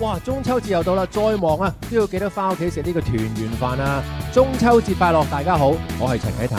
哇！中秋節又到啦，再忙啊都要記得返屋企食呢個團圓飯啊！中秋節快樂，大家好，我係陳啟泰。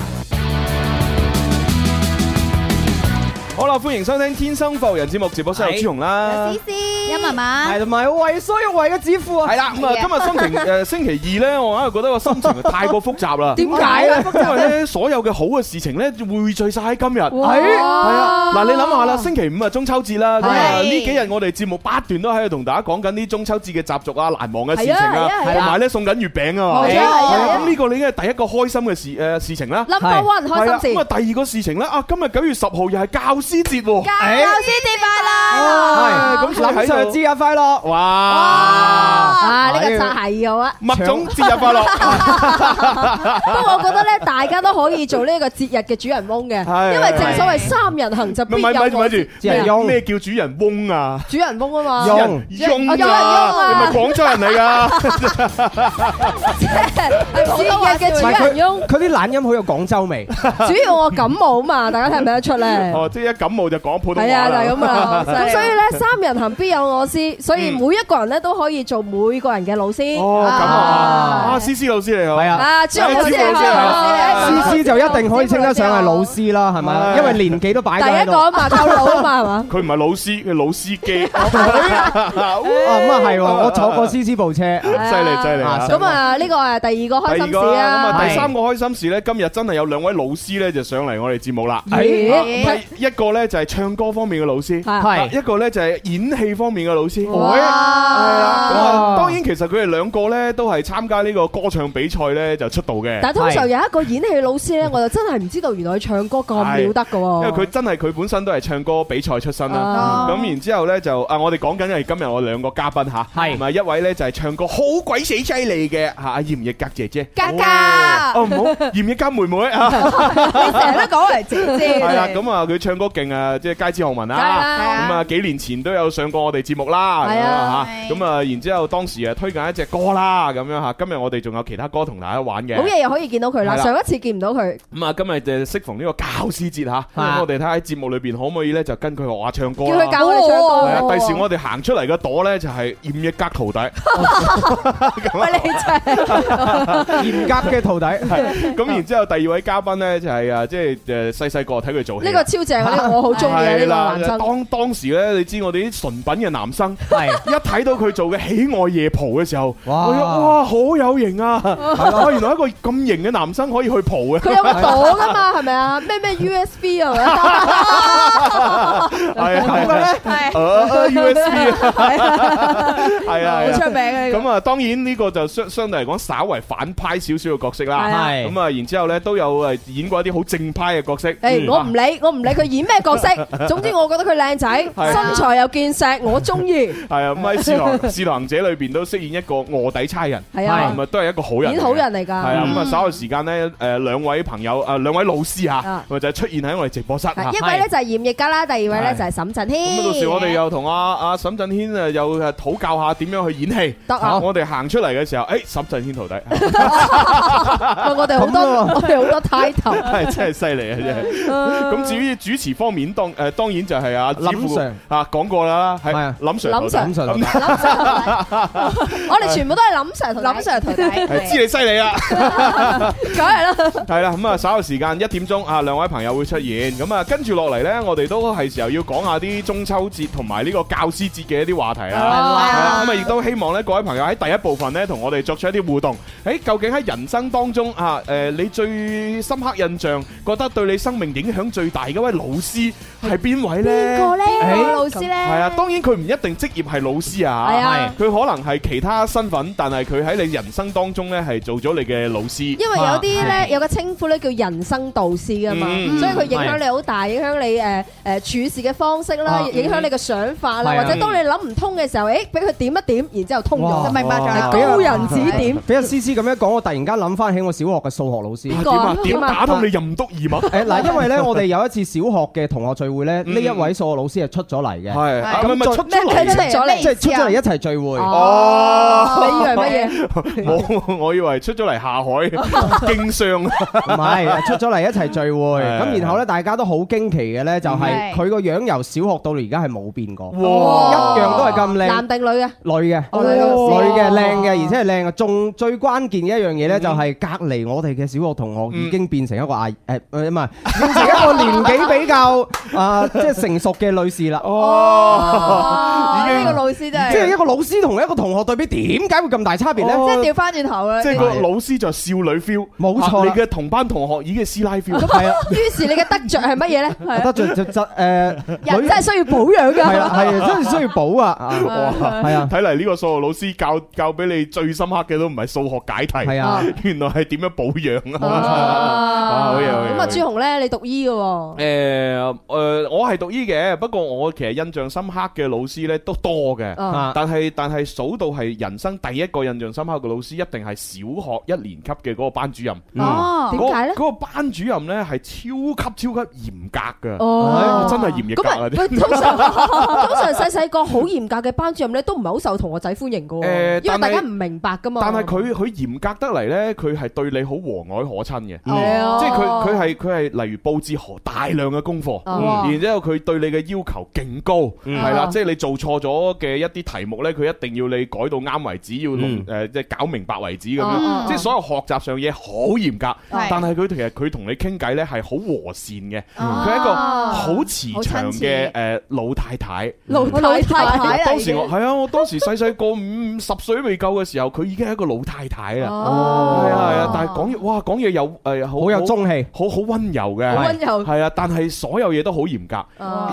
好啦，歡迎收聽《天生快活人》節目直播室，有朱融啦。哎咳咳係嘛，係同埋為所欲為嘅指數啊！係啦，咁啊，今日心情誒，星期二咧，我硬係覺得個心情啊，太過複雜啦。點解咧？因為咧，所有嘅好嘅事情咧，匯聚曬喺今日。係係啊，嗱，你諗下啦，星期五啊，中秋節啦，呢幾日我哋節目不斷都喺度同大家講緊啲中秋節嘅習俗啊、難忘嘅事情啊，同埋咧送緊月餅啊嘛。冇錯，咁呢個你應該係第一個開心嘅事、誒事情啦。諗到還開心先。咁啊，第二個事情咧，啊，今日九月十號又係教師節喎。教師節快樂！係咁諗起。節日快樂！哇，呢集係嘅啊！麥總節日快樂。不過我覺得咧，大家都可以做呢一個節日嘅主人翁嘅，因為正所謂三人行就必有我。有咩叫主人翁啊？主人翁啊嘛，有人翁啊！你咪廣州人嚟噶？節日嘅主人翁，佢啲懶音好有廣州味。主要我感冒啊嘛，大家聽唔聽得出咧？哦，即係一感冒就講普通話。係啊，就係咁啊。咁所以咧，三人行必有，老師，所以每一個人咧都可以做每個人嘅老師。哦，咁啊，阿思思老師嚟啊，阿朱老師係老師，思思就一定可以稱得上係老師啦，係咪？因為年紀都擺第一個嘛，夠老啊嘛，係嘛？佢唔係老師，佢老司機。咁啊係，我坐過思思部車，犀利犀利。咁啊，呢個係第二個開心事啊，咁啊第三個開心事咧，今日真係有兩位老師咧就上嚟我哋節目啦。係一個咧就係唱歌方面嘅老師，係一個咧就係演戲方面嘅老師，係啊，當然其實佢哋兩個咧都係參加呢個歌唱比賽咧就出道嘅。但係通常有一個演戲老師咧，我就真係唔知道原來佢唱歌咁了得嘅喎。因為佢真係佢本身都係唱歌比賽出身啦。咁然之後咧就啊，我哋講緊係今日我兩個嘉賓嚇，係同埋一位咧就係唱歌好鬼死犀利嘅嚇，閻奕格姐姐。格格，唔好閻奕格妹妹啊，講嚟姐姐。係啦，咁啊佢唱歌勁啊，即係街知巷聞啦。咁啊幾年前都有上過我哋節目啦，咁啊，然之後當時啊，推介一隻歌啦，咁樣吓。今日我哋仲有其他歌同大家玩嘅。好嘢，又可以見到佢啦。上一次見唔到佢。咁啊，今日就適逢呢個教師節吓，咁我哋睇下喺節目裏邊可唔可以咧，就跟佢學下唱歌。叫佢教佢唱歌。第時我哋行出嚟嘅朵咧，就係閻奕格徒弟。咁嚴格嘅徒弟。咁然之後第二位嘉賓咧，就係啊，即係誒細細個睇佢做呢個超正，我好中意嘅呢個男生。當當時咧，你知我哋啲純品嘅男。男生係一睇到佢做嘅喜愛夜蒲嘅時候，哇哇好有型啊！啊，原來一個咁型嘅男生可以去蒲嘅，佢有個朵噶嘛？係咪啊？咩咩 USB 啊？係係點解咧？係好多 USB 啊！係啊，係啊，好出名嘅。咁啊，當然呢個就相相對嚟講稍為反派少少嘅角色啦。係咁啊，然之後咧都有係演過一啲好正派嘅角色。誒，我唔理，我唔理佢演咩角色，總之我覺得佢靚仔，身材又健碩，我。中意係啊！《唔，使徒，使徒行者》裏邊都飾演一個臥底差人，係啊，咪都係一個好人，演好人嚟噶。係啊，咁啊稍後時間咧，誒兩位朋友，誒兩位老師吓，咪就出現喺我哋直播室。一位咧就閻奕格啦，第二位咧就係沈震軒。咁到時我哋又同阿阿沈震軒啊，又誒討教下點樣去演戲。得我哋行出嚟嘅時候，誒沈震軒徒弟，我哋好多我哋好多 title，真係犀利啊！真係。咁至於主持方面，當誒當然就係阿林 Sir 啊講過啦，係。林 Sir，林 Sir，我哋全部都係林 Sir 同林 Sir 同台，知你犀利啦，梗係啦。係啦，咁啊稍後時間一點鐘，啊兩位朋友會出現，咁啊跟住落嚟咧，我哋都係時候要講下啲中秋節同埋呢個教師節嘅一啲話題啦。係啦，咁啊亦都希望咧各位朋友喺第一部分咧同我哋作出一啲互動。誒，究竟喺人生當中啊誒，你最深刻印象覺得對你生命影響最大嘅一位老師係邊位咧？邊個咧？位老師咧？係啊，當然佢。唔一定職業係老師啊嚇，佢可能係其他身份，但係佢喺你人生當中咧係做咗你嘅老師。因為有啲咧有個稱呼咧叫人生導師啊嘛，所以佢影響你好大，影響你誒誒處事嘅方式啦，影響你嘅想法啦，或者當你諗唔通嘅時候，誒俾佢點一點，然之後通咗，明白？就係高人指點。俾阿詩詩咁樣講，我突然間諗翻起我小學嘅數學老師。點啊點啊，打通你任督二脈。誒嗱，因為咧我哋有一次小學嘅同學聚會咧，呢一位數學老師係出咗嚟嘅。係咁咪出。即係出咗嚟，即係出咗嚟一齊聚會。哦，你以為乜嘢？冇，我以為出咗嚟下海經商。唔係，出咗嚟一齊聚會。咁然後咧，大家都好驚奇嘅咧，就係佢個樣由小學到而家係冇變過。哇，一樣都係咁靚。男定女嘅？女嘅，女嘅靚嘅，而且係靚啊！仲最關鍵嘅一樣嘢咧，就係隔籬我哋嘅小學同學已經變成一個阿誒唔係，變成一個年紀比較啊即係成熟嘅女士啦。哦。已經呢個老師真係，即係一個老師同一個同學對比，點解會咁大差別咧？即係掉翻轉頭嘅，即係個老師就少女 feel，冇錯，你嘅同班同學已經師奶 feel，係啊。於是你嘅得着係乜嘢咧？得着就就誒，人真係需要保養嘅，係啦，係真係需要保啊。哇，係啊，睇嚟呢個數學老師教教俾你最深刻嘅都唔係數學解題，係啊，原來係點樣保養啊？冇錯好嘢。咁啊，朱紅咧，你讀醫嘅？誒，誒，我係讀醫嘅，不過我其實印象深刻嘅老。師咧都多嘅，但係但係數到係人生第一個印象深刻嘅老師，一定係小學一年級嘅嗰個班主任。點解咧？嗰個班主任咧係超級超級嚴格嘅，真係嚴格。通常細細個好嚴格嘅班主任咧，都唔係好受同學仔歡迎嘅。因為大家唔明白㗎嘛。但係佢佢嚴格得嚟咧，佢係對你好和藹可親嘅。即係佢佢係佢係例如布置何大量嘅功課，然之後佢對你嘅要求勁高，係啦，即係你。做錯咗嘅一啲題目呢，佢一定要你改到啱為止，要誒即係搞明白為止咁樣。即係所有學習上嘢好嚴格，但係佢其實佢同你傾偈呢係好和善嘅，佢係一個好慈祥嘅誒老太太。老太太，當時我係啊，我當時細細個五十歲未夠嘅時候，佢已經係一個老太太啦。係啊，但係講哇講嘢有，誒好有中氣，好好溫柔嘅，溫柔，係啊。但係所有嘢都好嚴格，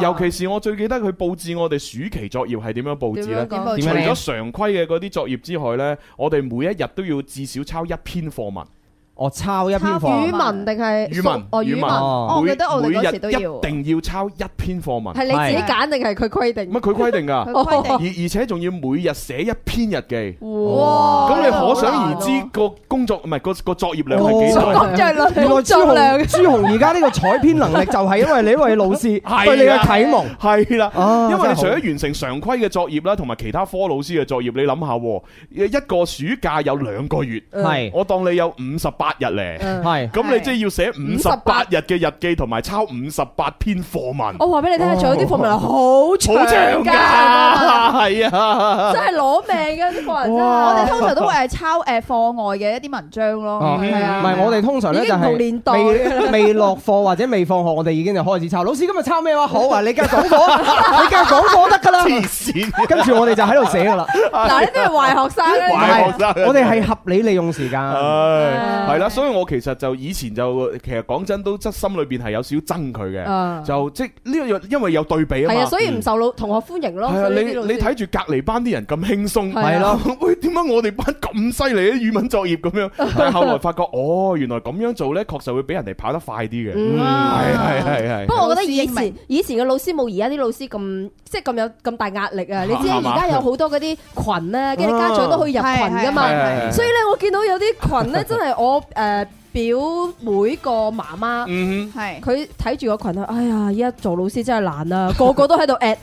尤其是我最記得佢佈置我哋暑期。其作業係點樣布置咧？除咗常規嘅啲作業之外咧，我哋每一日都要至少抄一篇課文。我抄一篇課文定係語文？我語文，我記得我哋嗰時都一定要抄一篇課文。係你自己揀定係佢規定。乜佢規定㗎？佢規定。而而且仲要每日寫一篇日記，哇！咁你可想而知個工作唔係個個作業量係幾大。原來朱紅朱紅而家呢個採編能力就係因為呢位老師對你嘅啟蒙。係啦，因為除咗完成常規嘅作業啦，同埋其他科老師嘅作業，你諗下，一個暑假有兩個月，係我當你有五十八。八日咧，係咁你即係要寫五十八日嘅日記，同埋抄五十八篇課文。我話俾你聽，仲有啲課文好長噶，係啊，真係攞命嘅啲課文。我哋通常都會係抄誒課外嘅一啲文章咯，係啊。唔係我哋通常已經係年代未落課或者未放學，我哋已經就開始抄。老師今日抄咩話？好啊，你今日講課，你今日講課得噶啦。黐線！跟住我哋就喺度寫噶啦。嗱，呢啲係壞學生，我哋係合理利用時間。係啦，所以我其實就以前就其實講真都即係心裏邊係有少少憎佢嘅，就即係呢個因為有對比啊嘛，係啊，所以唔受老同學歡迎咯。係啊，你你睇住隔離班啲人咁輕鬆，係咯，喂，點解我哋班咁犀利咧？語文作業咁樣，但係後來發覺，哦，原來咁樣做咧，確實會畀人哋跑得快啲嘅。係係係。不過我覺得以前以前嘅老師冇而家啲老師咁即係咁有咁大壓力啊！你知而家有好多嗰啲群咧，跟住家長都可以入群㗎嘛。所以咧，我見到有啲群咧，真係我。誒、呃、表妹個媽媽，係佢睇住個群，啊、hmm！哎呀，依家做老師真係難啊，個個都喺度 at，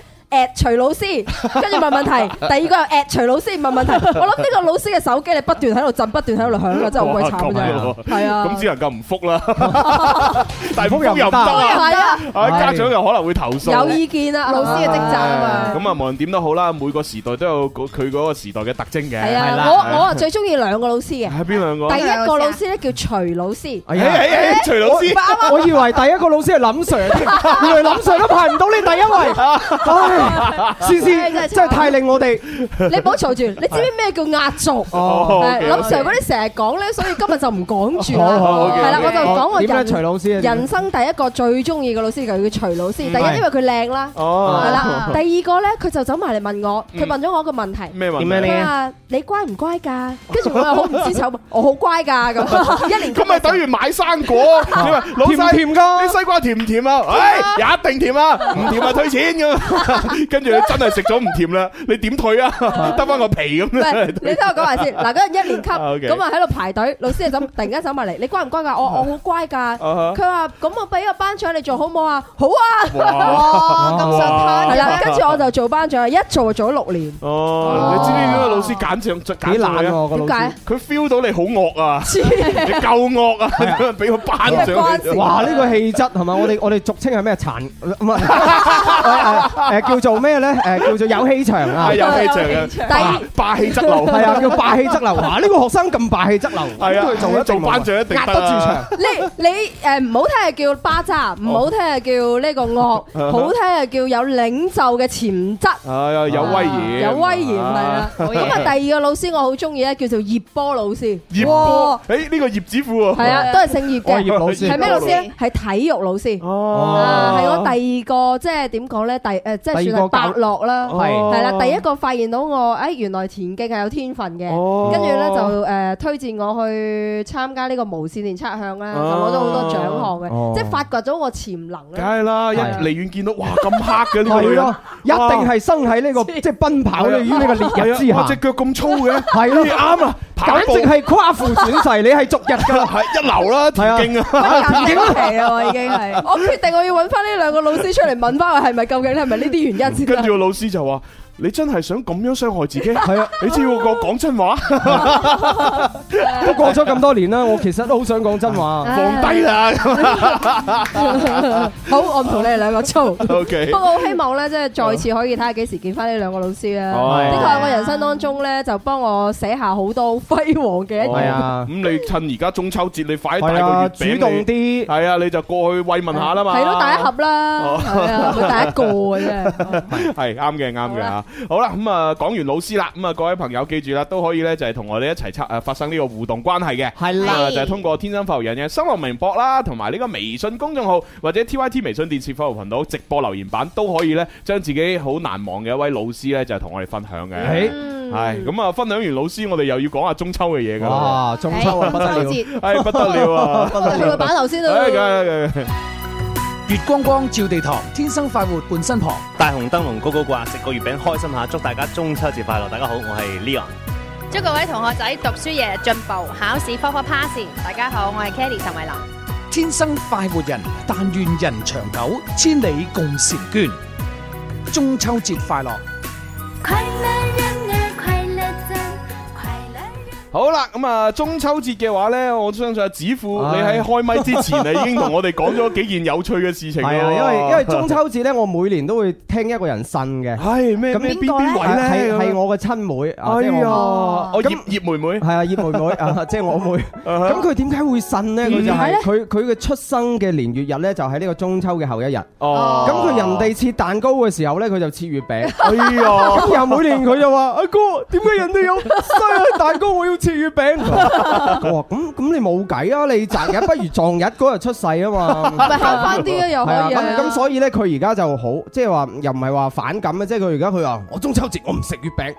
誒，徐老師，跟住問問題。第二個誒，徐老師問問題，我諗呢個老師嘅手機你不斷喺度震，不斷喺度響，真係好鬼慘嘅。係啊，咁只能夠唔復啦。大復又唔得啊。家長又可能會投訴。有意見啊，老師嘅職責啊嘛。咁啊，無論點都好啦，每個時代都有佢嗰個時代嘅特徵嘅。係啦，我我啊最中意兩個老師嘅。邊兩個？第一個老師咧叫徐老師。誒徐老師。我以為第一個老師係林 Sir，連林 Sir 都排唔到你第一位。先先真係太令我哋，你唔好嘈住，你知唔知咩叫壓軸？哦，林 Sir 嗰啲成日講咧，所以今日就唔講住啦。係啦，我就講個人，徐老師，人生第一個最中意嘅老師就叫徐老師。第一，因為佢靚啦。哦，係啦。第二個咧，佢就走埋嚟問我，佢問咗我一個問題。咩話？點咧？你乖唔乖噶？跟住我又好唔知醜，我好乖噶咁。一年咁咪等於買生果，老晒甜唔甜噶？啲西瓜甜唔甜啊？哎，也一定甜啊！唔甜啊，退錢咁。跟住你真係食咗唔甜啦，你點退啊？得翻個皮咁樣。唔係，你聽我講埋先。嗱，嗰一年級咁啊喺度排隊，老師啊走，突然間走埋嚟，你乖唔乖噶？我我好乖噶。佢話咁我俾個班長你做好唔好啊？好啊！哇，咁想貪。係啦，跟住我就做班長，一做咗六年。哦，你知唔知呢個老師簡直幾難啊？點解？佢 feel 到你好惡啊！你夠惡啊！俾個班長你。哇，呢個氣質係嘛？我哋我哋俗稱係咩？殘唔係？誒。叫做咩咧？誒，叫做有氣場啊，有氣場啊，霸霸氣側流，係啊，叫霸氣側流。嗱，呢個學生咁霸氣側流，咁佢做咗做班長一定得啦。壓得住場。你你誒唔好聽係叫巴渣，唔好聽係叫呢個惡，好聽係叫有領袖嘅潛質。係啊，有威嚴。有威嚴係啊。咁啊，第二個老師我好中意咧，叫做葉波老師。葉波？誒，呢個葉子富喎。係啊，都係姓葉嘅葉老師。係咩老師啊？係體育老師。哦，係我第二個即係點講咧？第誒即係。住喺伯樂啦，係啦，第一個發現到我，哎、欸，原來田徑係有天分嘅，跟住咧就誒、呃、推薦我去參加呢個無線電測向啦。就攞到好多獎項嘅，哦、即係發掘咗我潛能梗係啦，啊、一離遠見到哇咁黑嘅你咯，這個、 了一定係生喺呢、這個 即係奔跑呢個烈日之下，隻腳咁粗嘅，係咯啱啊！跑簡直係誇父轉世， 你係逐日噶啦，一流啦，田徑啊，啊，田徑啦，係啦，我已經係，我決定我要揾翻呢兩個老師出嚟問翻佢係咪究竟係咪呢啲原因先、 嗯。跟住個老師就話。 你真係想咁樣傷害自己？係啊，你知我講，講真話。都過咗咁多年啦，我其實都好想講真話，放低啦。好，我唔同你哋兩個操。OK，不過我希望咧，即係再次可以睇下幾時見翻呢兩個老師啊！呢個喺我人生當中咧，就幫我寫下好多輝煌嘅一頁。係啊，咁你趁而家中秋節，你快帶個月餅主動啲。係啊，你就過去慰問下啦嘛。係咯，帶一盒啦。係啊，唔係帶一個嘅啫。係啱嘅，啱嘅。好啦，咁啊講完老師啦，咁、嗯、啊各位朋友記住啦，都可以咧就係同我哋一齊測啊發生呢個互動關係嘅，係啦的、啊，就係、是、通過天生快活人嘅新浪微博啦，同埋呢個微信公眾號或者 T Y T 微信電視服務頻道直播留言板都可以咧，將自己好難忘嘅一位老師咧就係同我哋分享嘅，係、嗯，咁啊、嗯嗯嗯嗯、分享完老師，我哋又要講下中秋嘅嘢噶啦，中秋啊， 中秋節節， 哎不得了啊，你 把頭先 月光光照地堂，天生快活伴身旁。大紅燈籠高高掛，食個月餅開心下，祝大家中秋節快樂！大家好，我係 Leon。祝各位同學仔讀書日日進步，考試科科 pass！大家好，我係 Kelly 陳偉倫。天生快活人，但願人長久，千里共嬋娟。中秋節快樂！好啦，咁啊，中秋節嘅話咧，我相信阿子富你喺開麥之前你已經同我哋講咗幾件有趣嘅事情咯。係啊，因為因為中秋節咧，我每年都會聽一個人呻嘅。係咩？咁邊邊位咧？係我嘅親妹。哎呀！我葉葉妹妹係啊，葉妹妹啊，即係我妹。咁佢點解會呻咧？佢就係佢佢嘅出生嘅年月日咧，就喺呢個中秋嘅後一日。哦。咁佢人哋切蛋糕嘅時候咧，佢就切月餅。哎呀！咁又每年佢就話：阿哥，點解人哋有生日蛋糕？我要。月餅喎，咁咁你冇計啊！你擇日不如撞日嗰日出世啊嘛，咪慳翻啲啊又可以。咁所以咧，佢而家就好，即係話又唔係話反感啊！即係佢而家佢話，我中秋節我唔食月餅，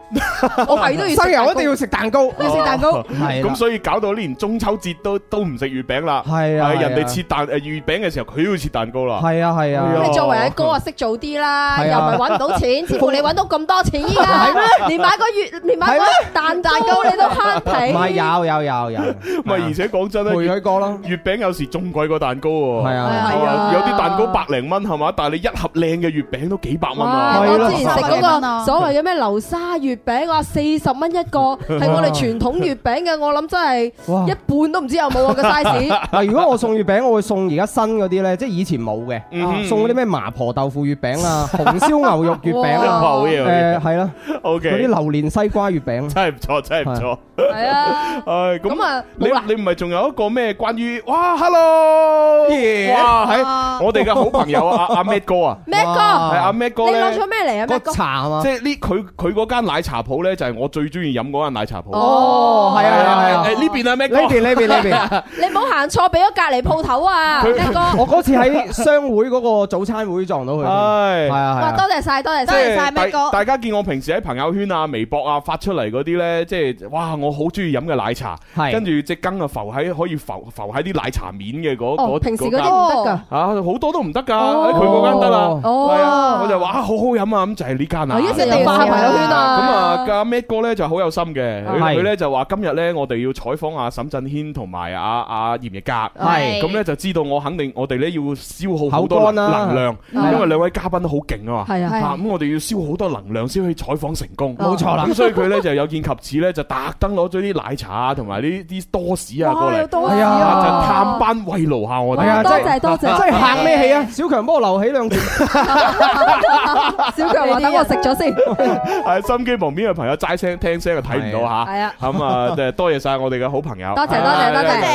我係都要生日，我一定要食蛋糕，要食蛋糕。咁，所以搞到連中秋節都都唔食月餅啦。係啊，人哋切蛋誒月餅嘅時候，佢都要切蛋糕啦。係啊係啊，你作為阿哥啊，識做啲啦，又唔係揾唔到錢，似乎你揾到咁多錢依家，連買個月連買個蛋蛋糕你都慳。唔係有有有有，唔係而且講真咧，陪佢過咯。月餅有時仲貴過蛋糕，係啊，有啲蛋糕百零蚊係嘛，但係你一盒靚嘅月餅都幾百蚊啊！我之前食嗰個所謂嘅咩流沙月餅，話四十蚊一個，係我哋傳統月餅嘅，我諗真係一半都唔知有冇我嘅 size。嗱，如果我送月餅，我會送而家新嗰啲咧，即係以前冇嘅，送嗰啲咩麻婆豆腐月餅啊，紅燒牛肉月餅啊，好嘢，誒係啦，OK，嗰啲榴蓮西瓜月餅真係唔錯，真係唔錯。誒，咁啊，你你唔係仲有一個咩關於哇？Hello，哇係我哋嘅好朋友啊，阿阿咩哥啊，咩哥係阿咩哥，你攞咗咩嚟啊？咩哥茶啊，即係呢佢佢嗰間奶茶鋪咧，就係我最中意飲嗰間奶茶鋪。哦，係啊係啊係，啊。呢邊係咩哥？呢邊呢邊呢邊，你唔好行錯，俾咗隔籬鋪頭啊！咩哥，我嗰次喺商會嗰個早餐會撞到佢。係係啊係啊，多謝晒，多謝晒，咩哥，大家見我平時喺朋友圈啊、微博啊發出嚟嗰啲咧，即係哇，我好。好中意飲嘅奶茶，跟住隻羹啊浮喺可以浮浮喺啲奶茶面嘅嗰嗰。平時嗰啲唔得㗎，好多都唔得㗎，佢嗰間得啦。哦，係啊，我就話啊好好飲啊，咁就係呢間啦。係一直發喺朋友圈啊。咁啊，阿咩哥咧就好有心嘅，佢咧就話今日咧我哋要採訪阿沈震軒同埋阿阿閻奕格，係咁咧就知道我肯定我哋咧要消耗好多能量，因為兩位嘉賓都好勁啊嘛，係啊，咁我哋要消耗好多能量先可以採訪成功，冇錯啦。咁所以佢咧就有見及此咧就特登攞啲奶茶啊，同埋呢啲多士啊，過嚟，下陣探班慰勞下我哋。多謝多謝，真係行咩戲啊？小強幫我留起兩句。小強話等我食咗先。係心機旁邊嘅朋友齋聲聽聲就睇唔到吓。係啊。咁啊，多謝晒我哋嘅好朋友。多謝多謝多謝。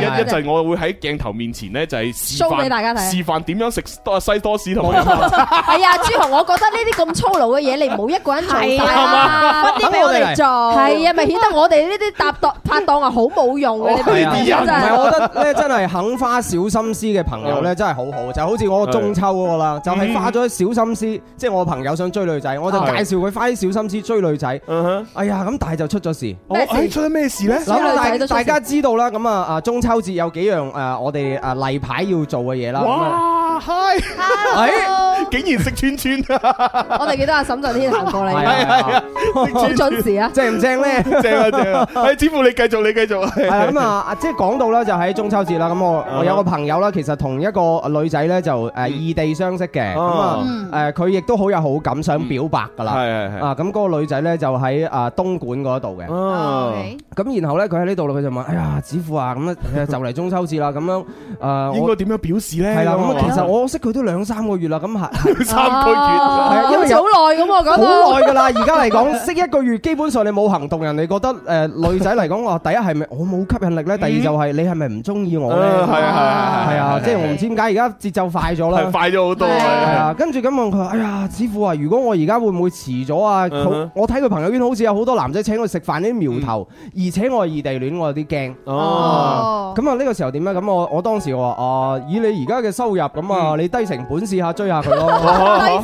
一一陣我會喺鏡頭面前呢，就係示範俾大家睇，示範點樣食西多士同。係啊，朱紅，我覺得呢啲咁粗魯嘅嘢，你唔好一個人做，分啲俾我哋做。係啊，咪顯得。我哋呢啲搭檔拍檔啊，好冇用嘅，唔係，我覺得咧真係肯花小心思嘅朋友咧，真係好好，就好似我個中秋嗰個啦，就係、是、花咗小心思，即係 我朋友想追女仔，我就介紹佢花啲小心思追女仔。嗯哼、uh，huh。哎呀，咁但係就出咗事。你 出咗咩事咧？大大家知道啦，咁啊啊中秋節有幾樣誒，我哋誒例牌要做嘅嘢啦。哇嗨，哎，竟然食串串，我哋記得阿沈震軒行過嚟，係啊，準時啊，正唔正咧？正啊，正啊，係，子富你繼續，你繼續，係啦，咁啊，即係講到咧，就喺中秋節啦，咁我我有個朋友咧，其實同一個女仔咧就誒異地相識嘅，咁啊誒，佢亦都好有好感，想表白噶啦，係係係，啊，咁嗰個女仔咧就喺啊東莞嗰度嘅，咁然後咧佢喺呢度啦，佢就問，哎呀，子富啊，咁啊就嚟中秋節啦，咁樣誒，應該點樣表示咧？係啦，咁其實。我識佢都兩三個月啦，咁係兩三個月，係啊，因為好耐咁我覺得。好耐噶啦。而家嚟講，識一個月基本上你冇行動，人哋覺得誒女仔嚟講，話第一係咪我冇吸引力咧？第二就係你係咪唔中意我咧？係啊係啊係啊！即係我唔知點解而家節奏快咗啦，快咗好多。係啊，跟住咁問佢，哎呀，師傅啊，如果我而家會唔會遲咗啊？我睇佢朋友圈好似有好多男仔請佢食飯啲苗頭，而且我係異地戀，我有啲驚。哦，咁啊呢個時候點咧？咁我我當時我話啊，以你而家嘅收入咁啊。哦，你低成本試下追下佢咯。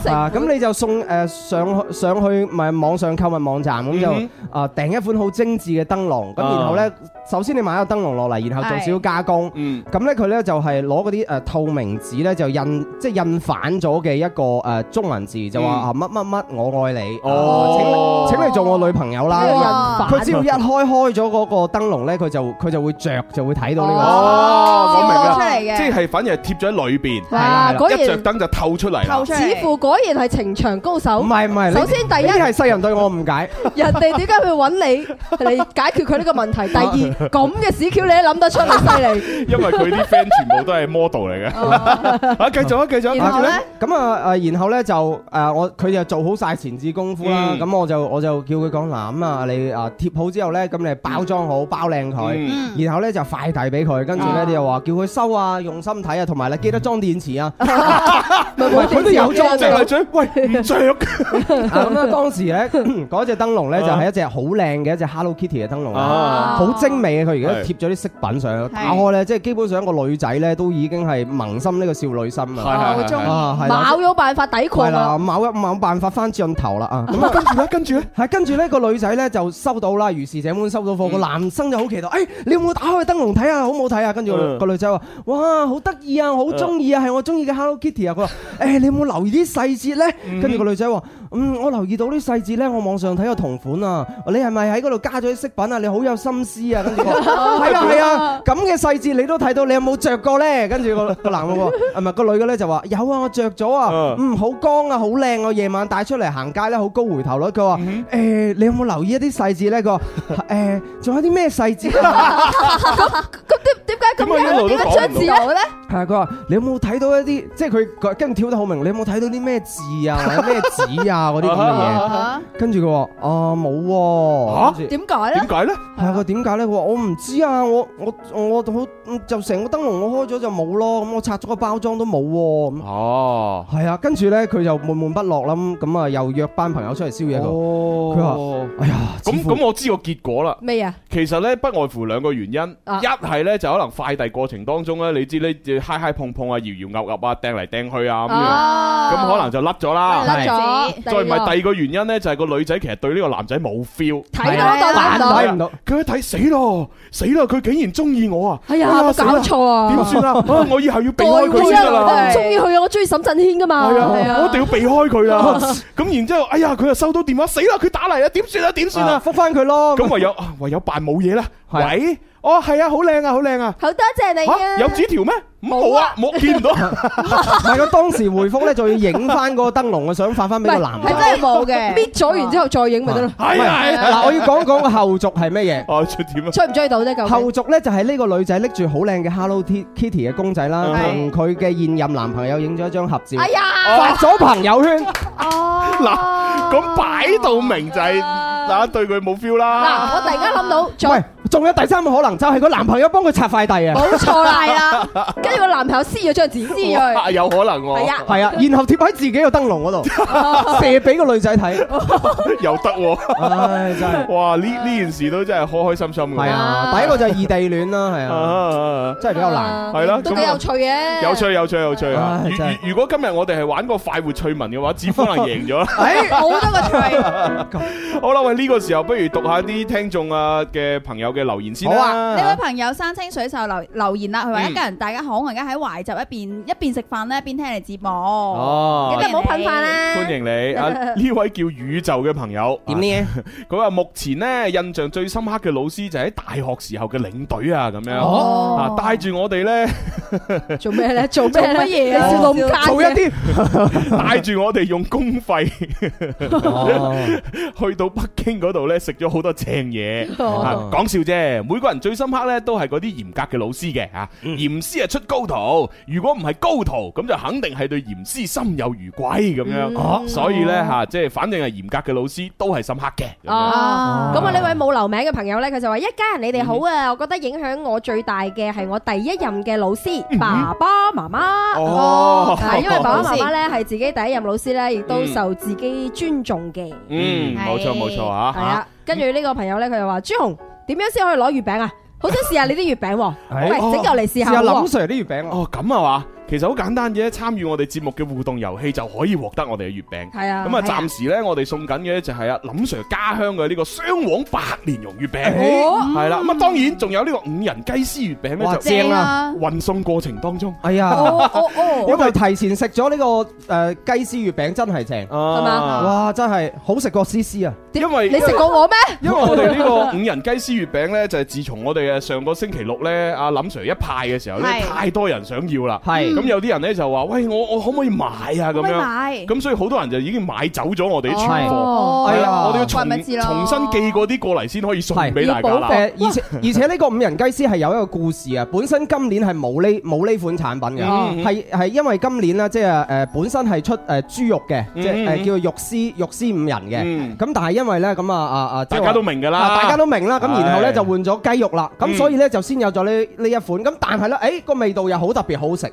咁你就送誒上上去唔係網上購物網站咁就啊訂一款好精緻嘅燈籠咁，然後咧首先你買咗燈籠落嚟，然後做少少加工。咁咧佢咧就係攞嗰啲誒透明紙咧就印，即係印反咗嘅一個誒中文字，就話啊乜乜乜我愛你。哦，請請你做我女朋友啦。佢只要一開開咗嗰個燈籠咧，佢就佢就會着，就會睇到呢個。哦，講明即係反而係貼咗喺裏邊。啊！一著燈就透出嚟，似乎果然係情場高手。唔係唔係，首先第一係世人對我誤解。人哋點解會揾你嚟解決佢呢個問題？第二，咁嘅屎橋你都諗得出嚟，犀利。因為佢啲 friend 全部都係 model 嚟嘅。啊，繼續啊，繼續。然後咧，咁啊啊，然後咧就誒，我佢哋又做好曬前置功夫啦。咁我就我就叫佢講嗱啊，你啊貼好之後咧，咁你包裝好，包靚佢。然後咧就快遞俾佢，跟住咧你又話叫佢收啊，用心睇啊，同埋你記得裝電池。啊！佢 都有裝淨係追喂唔着咁啊！ 當時咧，嗰隻燈籠咧就係一隻好靚嘅一隻 Hello Kitty 嘅燈籠好、啊、精美嘅佢而家貼咗啲飾品上，去。是打開咧即係基本上個女仔咧都已經係萌心呢個少女心、嗯、啊，係係啊，係冇咗辦法抵抗啦，冇冇辦法翻轉頭啦啊！咁、啊嗯、 跟住咧，跟住咧，係跟住咧個女仔咧就收到啦。如是者般收到貨，個、嗯、男生就好期待。誒、哎，你有冇打開個燈籠睇下、啊，好唔好睇啊？跟住個女仔話：哇，好得意啊，好中意啊，係我。我中意嘅 Hello Kitty 啊！佢話：「誒，你有冇留意啲細節咧？」跟住、嗯、哼個女仔話。嗯，我留意到啲細節咧，我網上睇過同款啊！你係咪喺嗰度加咗啲飾品啊？你好有心思啊！跟住係啊係啊，咁嘅細節你都睇到，你有冇著過咧？跟住個個男嘅喎，係咪個女嘅咧就話有啊，我著咗啊，嗯，好光啊，好靚啊，夜晚帶出嚟行街咧好高回頭率。佢話誒，你有冇留意一啲細節咧？佢話誒，仲有啲咩細節啊？咁點點解咁樣攞張紙嚟咧？係啊，佢話你有冇睇到一啲，即係佢跟住跳得好明，你有冇睇到啲咩字啊，咩紙啊？啊嗰啲咁嘅嘢，跟住佢話啊冇喎，吓點解咧？點解咧？係啊，點解咧？佢話我唔知啊，我我我好就成個燈籠我開咗就冇咯，咁我拆咗個包裝都冇喎，咁哦係啊，跟住咧佢就悶悶不樂啦，咁啊又約班朋友出嚟宵夜。佢話哎呀，咁咁我知個結果啦，咩啊？其實咧不外乎兩個原因，一係咧就可能快遞過程當中咧，你知呢就嗨嗨碰碰啊，搖搖揼揼啊，掟嚟掟去啊咁，咁可能就甩咗啦，再唔係第二個原因咧，就係個女仔其實對呢個男仔冇 feel，睇唔到，睇唔到，佢一睇死咯，死咯，佢竟然中意我啊！哎呀，搞錯啊！點算啊？我以後要避開佢啦。中意佢啊，我中意沈震軒噶嘛。係啊，我一定要避開佢啊！咁然之後，哎呀，佢又收到電話，死啦，佢打嚟啦，點算啊？點算啊？覆翻佢咯。咁唯有唯有扮冇嘢啦。喂，哦，係啊，好靚啊，好靚啊。好多謝你啊。有紙條咩？冇啊，冇見到。唔係，佢當時回復咧，就要影翻嗰個燈籠啊，我想發翻俾個男。唔係，真係冇嘅，搣咗完之後再影咪得咯。係係。嗱，我要講講個後續係乜嘢。啊，出點啊。追唔追到啫？舊後續咧就係呢個女仔拎住好靚嘅 Hello Kitty 嘅公仔啦，同佢嘅現任男朋友影咗張合照，係啊，發咗朋友圈。哦。嗱，咁擺到明就係嗱對佢冇 feel 啦。嗱，我突然間諗到，喂。仲有第三個可能，就係個男朋友幫佢拆快遞啊！冇錯啦，係啦，跟住個男朋友撕咗張紙，撕咗佢，有可能喎。係啊，然後貼喺自己個燈籠嗰度，射俾個女仔睇，又得喎。唉，真係哇！呢呢件事都真係開開心心嘅。啊，第一個就係異地戀啦，係啊，真係比較難，係咯，都幾有趣嘅，有趣有趣有趣啊！如果今日我哋係玩個快活趣聞嘅話，子風啊贏咗好多個趣啊！好啦，喂，呢個時候不如讀下啲聽眾啊嘅朋友嘅。留言先啦！呢位朋友山清水秀留留言啦，佢話，一家人大家好，我而家喺懷集，一邊一邊食飯咧，一邊聽你節目哦。咁你唔好噴飯啦！歡迎你啊！呢位叫宇宙嘅朋友點呢？佢話目前咧，印象最深刻嘅老師就喺大學時候嘅領隊啊，咁樣啊，帶住我哋咧做咩咧？做做乜嘢？做一啲帶住我哋用公費去到北京度咧，食咗好多正嘢。講笑。嘅每個人最深刻咧都係嗰啲嚴格嘅老師嘅啊，嚴師啊出高徒，如果唔係高徒，咁就肯定係對嚴師心有餘悸咁樣。所以咧吓，即係反正係嚴格嘅老師都係深刻嘅。哦，咁啊呢位冇留名嘅朋友咧，佢就話一家人你哋好啊，我覺得影響我最大嘅係我第一任嘅老師爸爸媽媽。哦，係因為爸爸媽媽咧係自己第一任老師咧，亦都受自己尊重嘅。嗯，冇錯冇錯吓吓。跟住呢個朋友咧，佢就話朱紅。點樣先可以攞月餅啊？好 想試下你啲月餅，喂整嚿嚟試下好。諗 Sir 啲月餅哦，咁啊話。吧其實好簡單嘅，參與我哋節目嘅互動遊戲就可以獲得我哋嘅月餅。係啊，咁啊，暫時咧，我哋送緊嘅就係啊，林 sir 家鄉嘅呢個雙黃白蓮蓉月餅，係啦。咁啊，當然仲有呢個五仁雞絲月餅咧，就正啦。運送過程當中係啊，因為提前食咗呢個誒雞絲月餅真係正，係嘛？哇，真係好食過絲絲啊！因為你食過我咩？因為我哋呢個五仁雞絲月餅咧，就係自從我哋誒上個星期六咧，阿林 sir 一派嘅時候咧，太多人想要啦。係。咁有啲人咧就話，喂，我我可唔可以買啊咁樣買？咁所以好多人就已經買走咗我哋啲存貨，係啊，我哋要重重新寄過啲過嚟先可以送俾大家。誒，而且而且呢個五仁雞絲係有一個故事啊，本身今年係冇呢冇呢款產品嘅，係係因為今年呢即係誒本身係出誒豬肉嘅，即係誒叫肉絲肉絲五仁嘅，咁但係因為咧咁啊啊啊，大家都明噶啦，大家都明啦。咁然後咧就換咗雞肉啦，咁所以咧就先有咗呢呢一款，咁但係咧誒個味道又好特別，好食。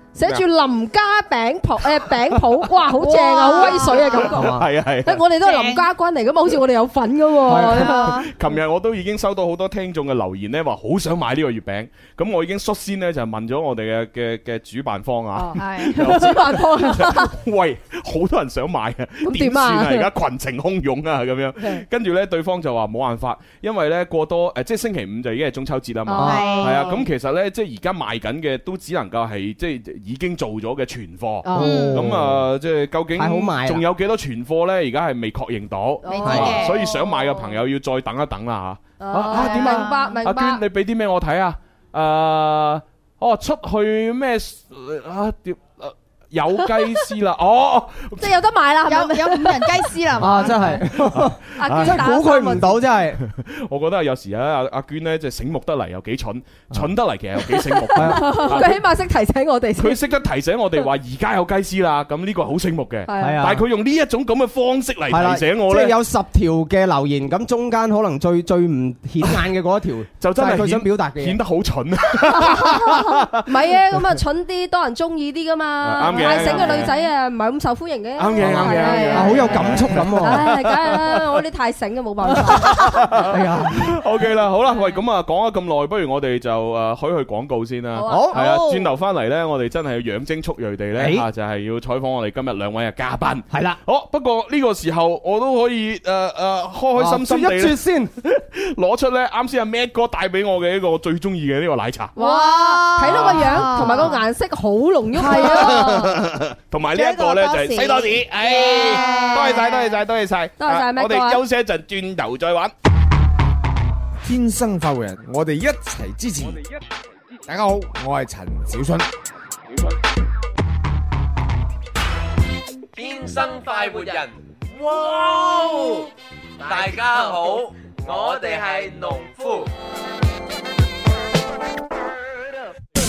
寫住林家餅鋪誒餅鋪，哇好正啊，好威水啊感覺係啊係，我哋都係林家軍嚟噶嘛，好似我哋有份噶。琴日我都已經收到好多聽眾嘅留言咧，話好想買呢個月餅。咁我已經率先咧就問咗我哋嘅嘅嘅主辦方啊，係主辦方。喂，好多人想買啊，點啊？而家群情洶湧啊，咁樣。跟住咧，對方就話冇辦法，因為咧過多誒，即係星期五就已經係中秋節啦嘛。係啊，咁其實咧，即係而家賣緊嘅都只能夠係即係。已經做咗嘅存貨，咁啊，即係究竟仲有幾多存貨呢？而家係未確認到，所以想買嘅朋友要再等一等啦嚇。啊，點啊？阿娟，你俾啲咩我睇啊？誒，哦，出去咩啊？有雞絲啦，哦，即係有得買啦，有有五人雞絲啦，啊，真係，真係估佢唔到，真係，我覺得有時啊，阿娟呢，即係醒目得嚟，又幾蠢，蠢得嚟，其實有幾醒目。佢起碼識提醒我哋，佢識得提醒我哋話而家有雞絲啦，咁呢個好醒目嘅，係啊，但係佢用呢一種咁嘅方式嚟提醒我咧，即係有十條嘅留言，咁中間可能最最唔顯眼嘅嗰一條，就真係佢想表達嘅，顯得好蠢啊，唔係啊，咁啊蠢啲，多人中意啲噶嘛。太醒嘅女仔啊，唔係咁受歡迎嘅。啱嘅，啱嘅，好有感觸咁。唉，梗係啦，我啲太醒嘅，冇辦法。係啊，OK 啦，好啦，喂，咁啊，講咗咁耐，不如我哋就誒，可以去廣告先啦。好，係啊，轉頭翻嚟咧，我哋真係要養精蓄銳地咧啊，就係要採訪我哋今日兩位嘅嘉賓。係啦，好，不過呢個時候我都可以誒誒，開開心心地，一轉先攞出咧，啱先阿 mad 哥帶俾我嘅一個最中意嘅呢個奶茶。哇，睇到個樣同埋個顏色好濃郁係啊。同埋呢一個咧就係西多士，哎，多謝晒，多謝晒，多謝晒，我哋休息一陣，轉頭再玩。天生快活人，我哋一齊支持。大家好，我係陳小春。天生快活人，哇！大家好，我哋係農夫。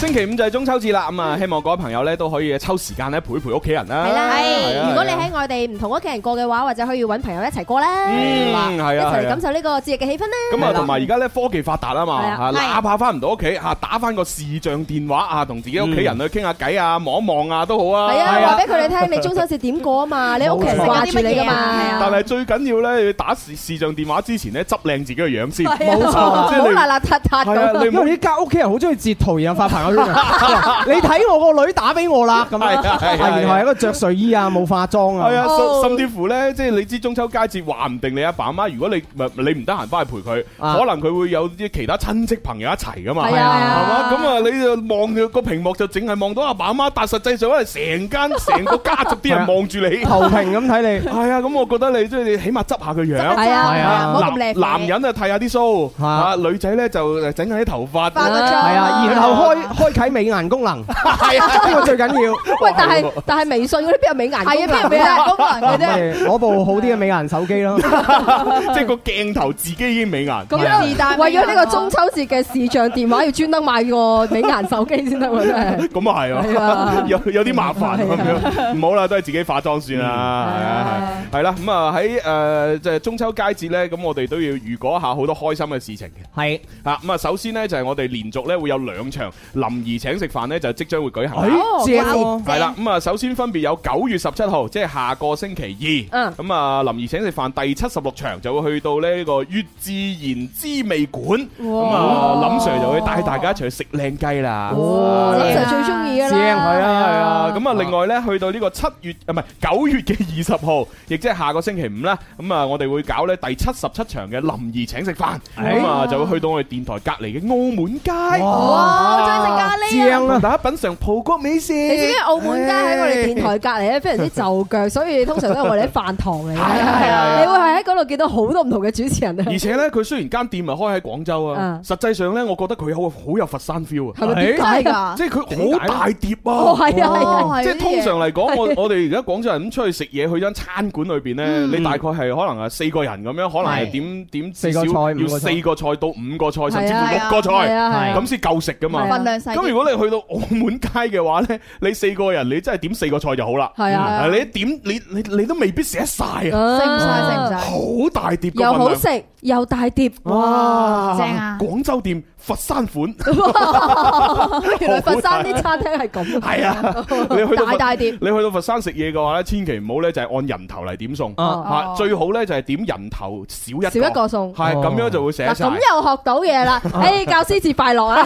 星期五就係中秋節啦，咁啊，希望各位朋友咧都可以抽時間咧陪一陪屋企人啦。係啦，如果你喺外地唔同屋企人過嘅話，或者可以搵朋友一齊過啦。嗯，係啊，一齊感受呢個節日嘅氣氛啦。咁啊，同埋而家咧科技發達啊嘛，哪怕翻唔到屋企吓，打翻個視像電話啊，同自己屋企人去傾下偈啊，望一望啊都好啊。係啊，話俾佢哋聽你中秋節點過啊嘛，你屋企人搞啲乜嘢噶嘛。但係最緊要咧，要打視像電話之前呢，執靚自己嘅樣先。冇錯，好邋邋遢遢。咁。啊，因為而家屋企人好中意截圖然後發朋友。你睇我個女打俾我啦，咁係啊，係係，係一個着睡衣啊，冇化妝啊，係啊，甚至乎咧，即係你知中秋佳節，話唔定你阿爸阿媽，如果你唔你唔得閒翻去陪佢，可能佢會有啲其他親戚朋友一齊噶嘛，係啊，係嘛，咁啊，你就望住個屏幕就淨係望到阿爸阿媽，但係實際上係成間成個家族啲人望住你，投屏咁睇你，係啊，咁我覺得你即係你起碼執下佢樣，係啊，唔好咁靚，男人啊剃下啲鬚，啊女仔咧就整下啲頭髮，係啊，然後開。開啟美顏功能，係啊，呢個最緊要。喂，但係但係微信嗰啲邊有美顏？係啊，邊有美顏功能嘅啫？攞部好啲嘅美顏手機咯，即係個鏡頭自己已經美顏。咁但係，為咗呢個中秋節嘅視像電話，要專登買個美顏手機先得嘅，真係。咁啊係啊，有有啲麻煩咁樣，唔好啦，都係自己化妝算啦，係啊係。係啦，咁啊喺誒即係中秋佳節咧，咁我哋都要預告下好多開心嘅事情嘅。係啊，咁啊，首先咧就係我哋連續咧會有兩場林兒請食飯咧就即將會舉行啦，係啦，咁啊首先分別有九月十七號，即係下個星期二，咁啊林兒請食飯第七十六場就會去到呢個粵自然滋味館，咁啊林 Sir 就會帶大家一齊去食靚雞啦，哇，林 Sir 最中意啦，正係啊係啊，咁啊另外咧去到呢個七月啊唔係九月嘅二十號，亦即係下個星期五啦，咁啊我哋會搞咧第七十七場嘅林兒請食飯，咁啊就會去到我哋電台隔籬嘅澳門街。正啊！大家品嚐葡國美食。你知唔知澳門街喺我哋電台隔籬，咧非常之就腳，所以通常都係我哋飯堂嚟嘅。係啊，你會係喺嗰度見到好多唔同嘅主持人啊。而且咧，佢雖然間店啊開喺廣州啊，實際上咧，我覺得佢好好有佛山 feel 啊。係咪點解㗎？即係佢好大碟啊！係啊，即係通常嚟講，我我哋而家廣州人咁出去食嘢，去間餐館裏邊咧，你大概係可能係四個人咁樣，可能係點點至少要四個菜到五個菜，甚至乎六個菜，咁先夠食㗎嘛。咁如果你去到澳門街嘅話呢，你四個人你真係點四個菜就好啦。係是啊你，你點你你你都未必食得曬啊，食唔曬，食唔曬。好大碟，又好食又大碟，哇！正啊，廣州店。佛山款，原來佛山啲餐廳係咁，係啊，大大碟。你去到佛山食嘢嘅話咧，千祈唔好咧，就係按人頭嚟點餸，最好咧就係點人頭少一少一個餸，係咁樣就會寫。咁又學到嘢啦，誒，教師節快樂啊！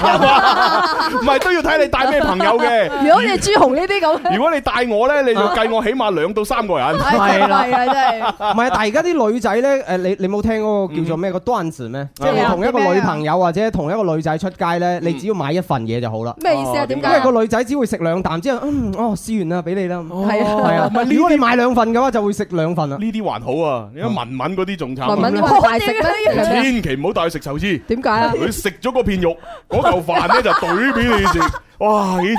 唔係都要睇你帶咩朋友嘅。如果你朱紅呢啲咁，如果你帶我咧，你就計我起碼兩到三個人。係係係，真係，唔係啊？但係而家啲女仔咧，誒，你你冇聽嗰個叫做咩個段子咩？即係你同一個女朋友或者同一個。女仔出街咧，你只要買一份嘢就好啦。咩意思啊？點解？因為個女仔只會食兩啖之後，嗯，哦，試完啦，俾你啦。係啊，係啊。如果你買兩份嘅話，就會食兩份啦。呢啲還好啊，你睇文文嗰啲仲慘。文文好大食啊！千祈唔好帶佢食壽司。點解啊？佢食咗嗰片肉，嗰嚿飯咧就對俾你食。哇！喂，你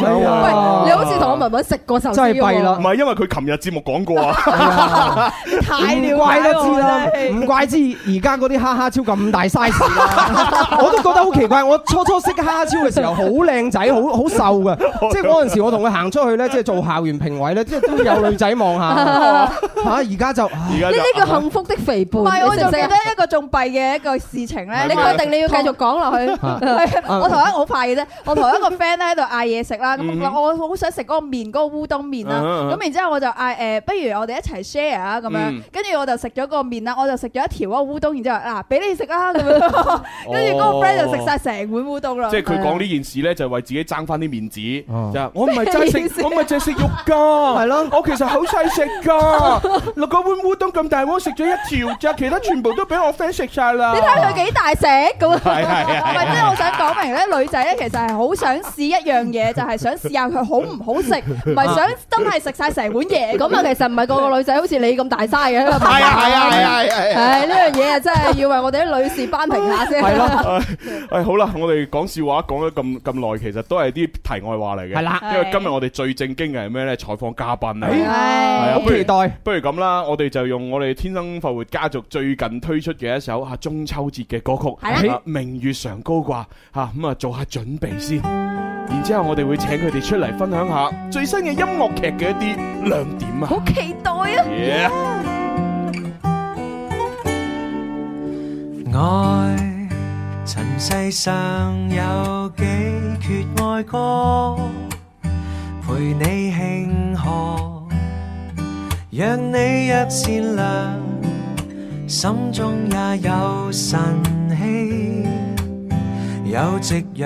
好似同我文文食過壽，真係弊咯。唔係因為佢琴日節目講過啊，太怪之啦！唔怪之，而家嗰啲蝦蝦超咁大 size，我都覺得好奇怪。我初初識蝦蝦超嘅時候，好靚仔，好好瘦嘅，即係嗰陣時我同佢行出去咧，即係做校園評委咧，即係都有女仔望下。嚇！而家就呢啲叫幸福的肥胖。唔係，我就記得一個仲弊嘅一個事情咧。你確定你要繼續講落去？我頭一好快嘅啫。我同一個 friend 咧喺度。嗌嘢食啦，咁我好想食嗰個麵，嗰個烏冬麵啦。咁然之後我就嗌，誒，不如我哋一齊 share 啊，咁樣。跟住我就食咗個麵啦，我就食咗一條嗰個烏冬。然之後嗱，俾你食啦！咁樣，跟住嗰個 friend 就食晒成碗烏冬啦。即係佢講呢件事咧，就為自己爭翻啲面子。我唔係齋食，我唔係淨食肉噶。係咯，我其實好細食噶。六嗰碗烏冬咁大碗，食咗一條咋，其他全部都俾我 friend 食晒啦。你睇佢幾大食咁啊？係係啊。咁咧，我想講明咧，女仔咧其實係好想試一樣。樣嘢，就係想試下佢好唔好食，唔係想真係食晒成碗嘢咁啊！其實唔係個個女仔好似你咁大晒嘅。係啊係啊係啊係！誒呢樣嘢啊，真係要為我哋啲女士扳平下先。係咯，誒好啦，我哋講笑話講咗咁咁耐，其實都係啲題外話嚟嘅。係啦，因為今日我哋最正經嘅係咩咧？採訪嘉賓啊，係好期待。不如咁啦，我哋就用我哋天生快活家族最近推出嘅一首吓中秋節嘅歌曲，喺明月常高掛吓咁啊，做下準備先。然之後我哋會請佢哋出嚟分享下最新嘅音樂劇嘅一啲亮點啊！好期待啊！愛，塵世上有幾闕愛歌，陪你慶賀。若你一善良，心中也有神氣，有夕陽。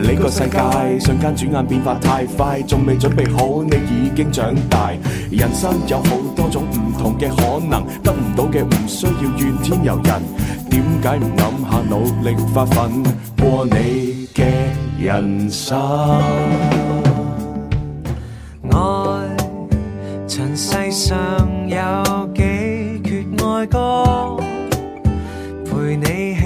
呢個世界瞬間轉眼變化太快，仲未準備好，你已經長大。人生有好多種唔同嘅可能，得唔到嘅唔需要怨天尤人。點解唔諗下努力發奮過你嘅人生？愛塵世上有幾闕愛歌，陪你。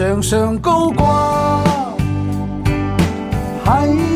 常常高掛。聲聲，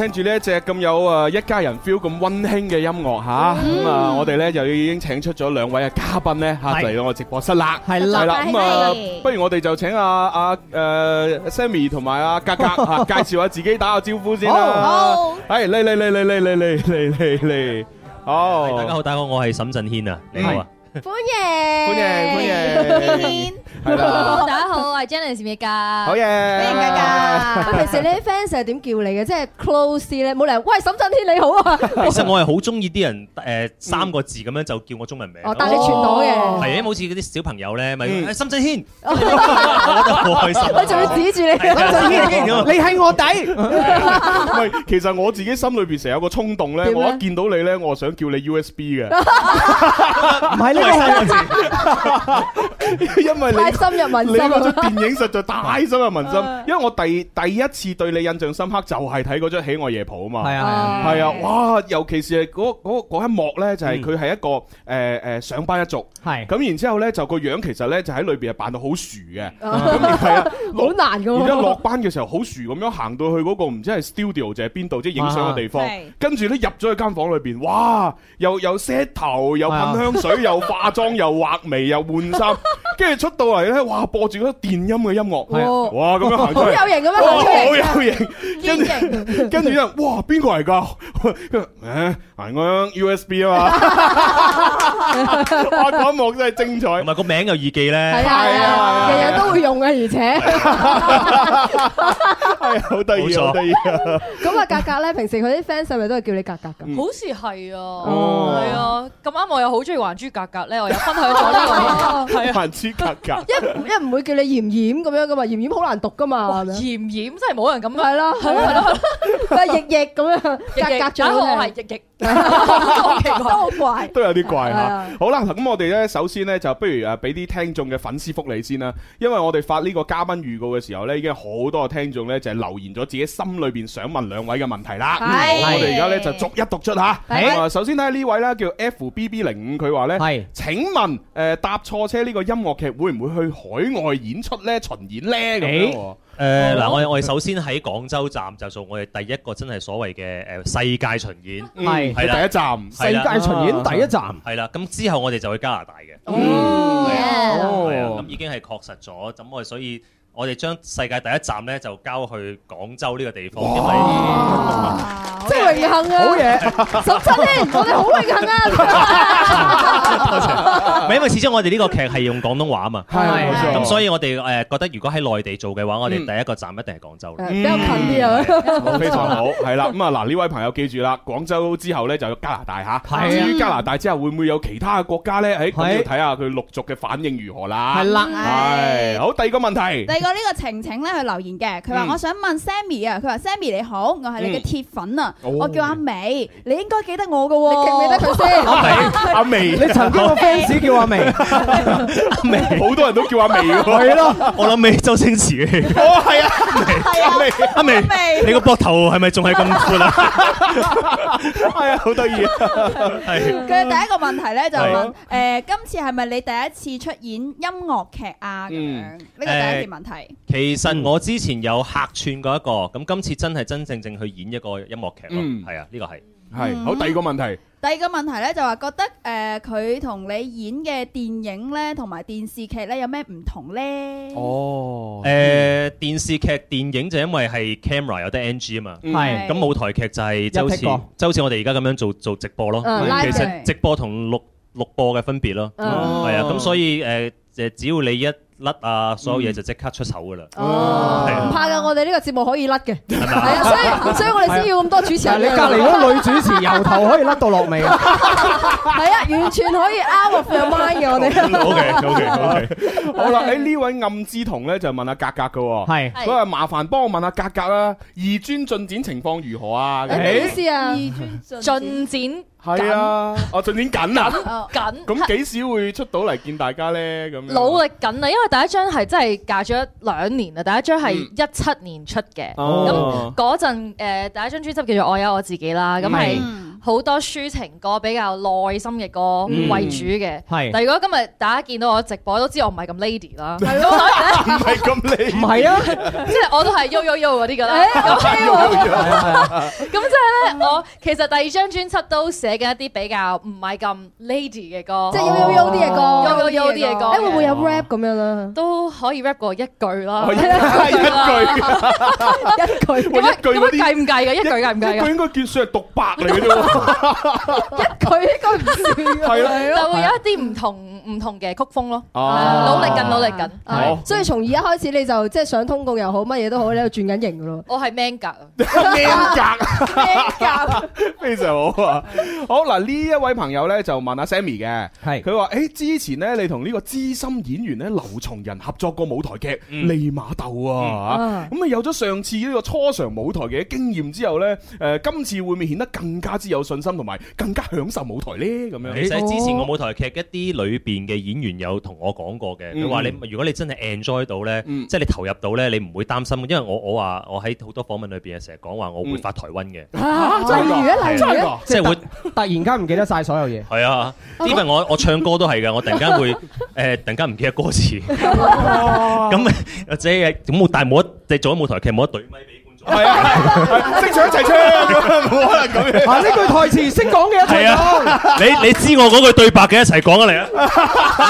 聽住呢一隻咁有啊一家人 feel 咁溫馨嘅音樂吓，咁啊我哋咧又已經請出咗兩位嘅嘉賓咧吓，嚟到我直播室啦，係啦，係啦嘛，不如我哋就請阿阿誒 Sammy 同埋阿格格啊，介紹下自己打個招呼先啦。好，係嚟嚟嚟嚟嚟嚟嚟嚟嚟，好，大家好，大家好，我係沈震軒啊，你好，歡迎，歡迎，歡迎。大家好，我係 Janice 善嘅，好嘢，善嘅。咁平時你啲 fans 係點叫你嘅？即係 close 咧，冇理由喂，沈震軒你好啊。其實我係好中意啲人誒三個字咁樣就叫我中文名。哦，但係你串到嘅，係啊，好似嗰啲小朋友咧，咪沈震軒，我覺得都好開心。我仲會指住你，沈震軒，你喺我底。唔係，其實我自己心裏邊成日有個衝動咧，我一見到你咧，我想叫你 USB 嘅，唔係呢個三個字，因為你。深入民心，你嗰出電影實在太深入民心，因為我第第一次對你印象深刻就係睇嗰出《喜愛夜蒲》啊嘛，係啊，係啊，啊。哇！尤其是係嗰嗰一幕咧，就係佢係一個誒誒上班一族，係咁，然之後咧，就個樣其實咧就喺裏邊係扮到好薯嘅，咁係啊，好難嘅。然之後落班嘅時候好薯咁樣行到去嗰個唔知係 studio 就係邊度即係影相嘅地方，跟住咧入咗去間房裏邊，哇！又有 set 頭，又噴香水，又化妝，又畫眉，又換衫，跟住出到啊！咧，哇，播住嗰電音嘅音樂，哇，咁樣行出嚟，好有型嘅咩？好有型，跟住跟住之後，哇，邊個嚟噶？誒，還我 U S B 啊嘛，哇嗰幕真係精彩，唔係個名又耳記咧，係啊，日日都會用嘅，而且係啊，好得意，好得意啊！咁啊格格咧，平時佢啲 fans 係咪都係叫你格格咁？好似係啊，係啊，咁啱我又好中意還珠格格咧，我又分享咗呢個，係啊還珠格格。一一唔會叫你閻閻咁樣噶嘛，閻閻好難讀噶嘛，閻閻真係冇人咁解啦，係咯，係咯，奕奕咁樣，格格咗，我係奕奕，好奇怪，都有啲怪嚇。好啦，咁我哋咧首先咧就不如誒俾啲聽眾嘅粉絲福利先啦，因為我哋發呢個嘉賓預告嘅時候咧，已經好多嘅聽眾咧就係留言咗自己心裏邊想問兩位嘅問題啦。係，我哋而家咧就逐一讀出嚇。咁啊，首先睇下呢位咧叫 FBB 零五，佢話咧係，請問誒搭錯車呢個音樂劇會唔會去？去海外演出咧，巡演咧咁樣喎。嗱、欸啊呃，我我哋首先喺廣州站就做我哋第一個真係所謂嘅誒世界巡演，嗯，係係第一站。的世界巡演第一站，係啦，啊。咁，啊嗯、之後我哋就去加拿大嘅。咁已經係確實咗。咁我哋所以。我哋將世界第一站咧就交去廣州呢個地方，因為即係榮幸啊，好嘢，十七年，我哋好榮幸啊。係因為始終我哋呢個劇係用廣東話嘛，係，咁所以我哋誒覺得如果喺內地做嘅話，我哋第一個站一定係廣州，比較近啲啊，非常好，係啦，咁啊嗱，呢位朋友記住啦，廣州之後咧就有加拿大吓，至於加拿大之後會唔會有其他嘅國家咧，喺佢就睇下佢陸續嘅反應如何啦，係啦，係，好第二個問題。有呢個晴晴咧去留言嘅，佢話我想問 Sammy 啊，佢話 Sammy 你好，我係你嘅鐵粉啊，我叫阿美，你應該記得我噶，你記唔記得佢先？阿美，阿美，你曾經個 fans 叫阿美，阿美，好多人都叫阿美噶，係咯，我諗美周星馳嚟，係啊，係啊，阿美，阿美，你個膊頭係咪仲係咁闊啊？係啊，好得意啊，係。佢第一個問題咧就問，誒，今次係咪你第一次出演音樂劇啊？咁樣，呢個第一問題。係，其實我之前有客串過一個，咁今次真係真正正去演一個音樂劇咯，係、嗯、啊，呢、這個係，係好第二個問題。第二個問題呢就話覺得誒佢同你演嘅電影呢，同埋電視劇呢有咩唔同呢？哦，誒、呃、電視劇、電影就因為係 camera 有得 NG 啊嘛，係咁是是舞台劇就係周係周似我哋而家咁樣做做直播咯，是其實直播同錄錄播嘅分別咯，係啊、嗯，咁、哦、所以誒只要你一甩啊！所有嘢就即刻出手噶啦。哦，唔怕噶，我哋呢個節目可以甩嘅。係啊，所以所以我哋先要咁多主持人。你隔離嗰女主持由頭可以甩到落尾。啊。係啊，完全可以 out of your mind 嘅我哋。OK OK OK。好啦，誒呢位暗之瞳咧就問下格格嘅。係。佢話：麻煩幫我問下格格啦，二專進展情況如何啊？咩意思啊？二專進展。係啊，我近年緊啊，緊咁幾時會出到嚟見大家咧？咁努力緊啊，因為第一張係真係隔咗兩年啊！第一張係一七年出嘅，咁嗰陣誒，第一張專輯叫做《我有我自己》啦，咁係好多抒情歌、比較內心嘅歌為主嘅。但如果今日大家見到我直播，都知我唔係咁 lady 啦，係咯，唔係咁 lady，唔係啊，即係我都係喐喐喐嗰啲噶啦。咁即係咧，我其實第二張專輯都寫。寫緊一啲比較唔係咁 lady 嘅歌，即係 U U U 啲嘢歌，U U U 啲嘢歌，你會唔會有 rap 咁樣咧？都可以 rap 過一句咯，一句一句咁啲計唔計嘅？一句計唔計嘅？應該算係獨白嚟嘅啫，一句應該唔算。係咯，就會有一啲唔同唔同嘅曲風咯。努力緊，努力緊，係。所以從而家開始，你就即係想通告又好，乜嘢都好，喺度轉緊型嘅咯。我係 man 格，man 格，man 格，非常好啊！好嗱，呢一位朋友咧就問阿 Sammy 嘅，係佢話誒，之前咧你同呢個資深演員咧劉松仁合作過舞台劇《利瑪竇》啊，咁啊有咗上次呢個初嘗舞台嘅經驗之後咧，誒今次會唔會顯得更加之有信心同埋更加享受舞台咧？咁樣其實之前個舞台劇一啲裏邊嘅演員有同我講過嘅，佢話你如果你真係 enjoy 到咧，即係你投入到咧，你唔會擔心，因為我我話我喺好多訪問裏邊啊，成日講話我會發台灣嘅，即係會。突然間唔記得晒所有嘢，係啊！因為我我唱歌都係嘅，我突然間會誒、 欸、突然間唔記得歌詞，咁或者總冇但係冇一即做咗舞台劇冇一對。係啊，識唱一齊唱，咁可能咁樣。嗱，呢句台詞識講嘅，一齊講。你你知我嗰句對白嘅一齊講啊嚟啊，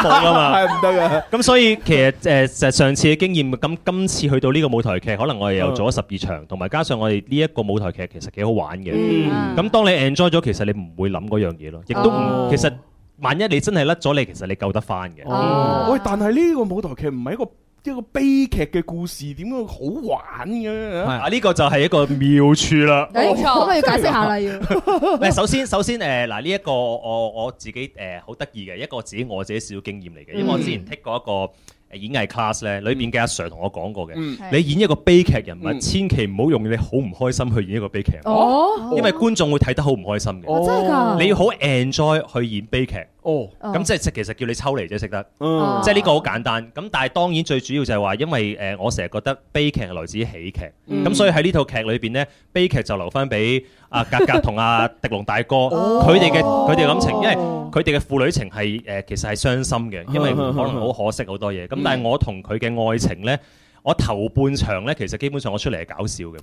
冇噶嘛，係唔得嘅。咁所以其實誒，就上次嘅經驗，咁今次去到呢個舞台劇，可能我哋又做咗十二場，同埋加上我哋呢一個舞台劇其實幾好玩嘅。咁當你 enjoy 咗，其實你唔會諗嗰樣嘢咯，亦都唔，其實萬一你真係甩咗你，其實你救得翻嘅。喂，但係呢個舞台劇唔係一個。一個悲劇嘅故事點樣好玩嘅？啊？呢、這個就係一個妙處啦，冇錯錯？咁我要解釋下啦？要，喂， 首先，首先，誒、呃，嗱，呢一個我我自己誒、呃、好得意嘅一個自己我自己少經驗嚟嘅，嗯、因為我之前 take 過一個演藝 class 咧，裏面嘅阿 sir 同我講過嘅，嗯、你演一個悲劇人物，嗯、千祈唔好用你好唔開心去演一個悲劇哦，因為觀眾會睇得好唔開心嘅，哦，真係噶，你要好 enjoy 去演悲劇。哦，咁、oh, 嗯、即係其實叫你抽嚟啫，識得、嗯，即係呢個好簡單。咁、嗯、但係當然最主要就係話，因為誒、呃、我成日覺得悲劇係來自於喜劇，咁、嗯、所以喺呢套劇裏邊呢，悲劇就留翻俾阿格格同阿、啊、迪龍大哥，佢哋嘅佢哋感情，因為佢哋嘅父女情係誒、呃、其實係傷心嘅，因為可能好可惜好多嘢。咁、嗯嗯、但係我同佢嘅愛情呢。我頭半場咧，其實基本上我出嚟係搞笑嘅。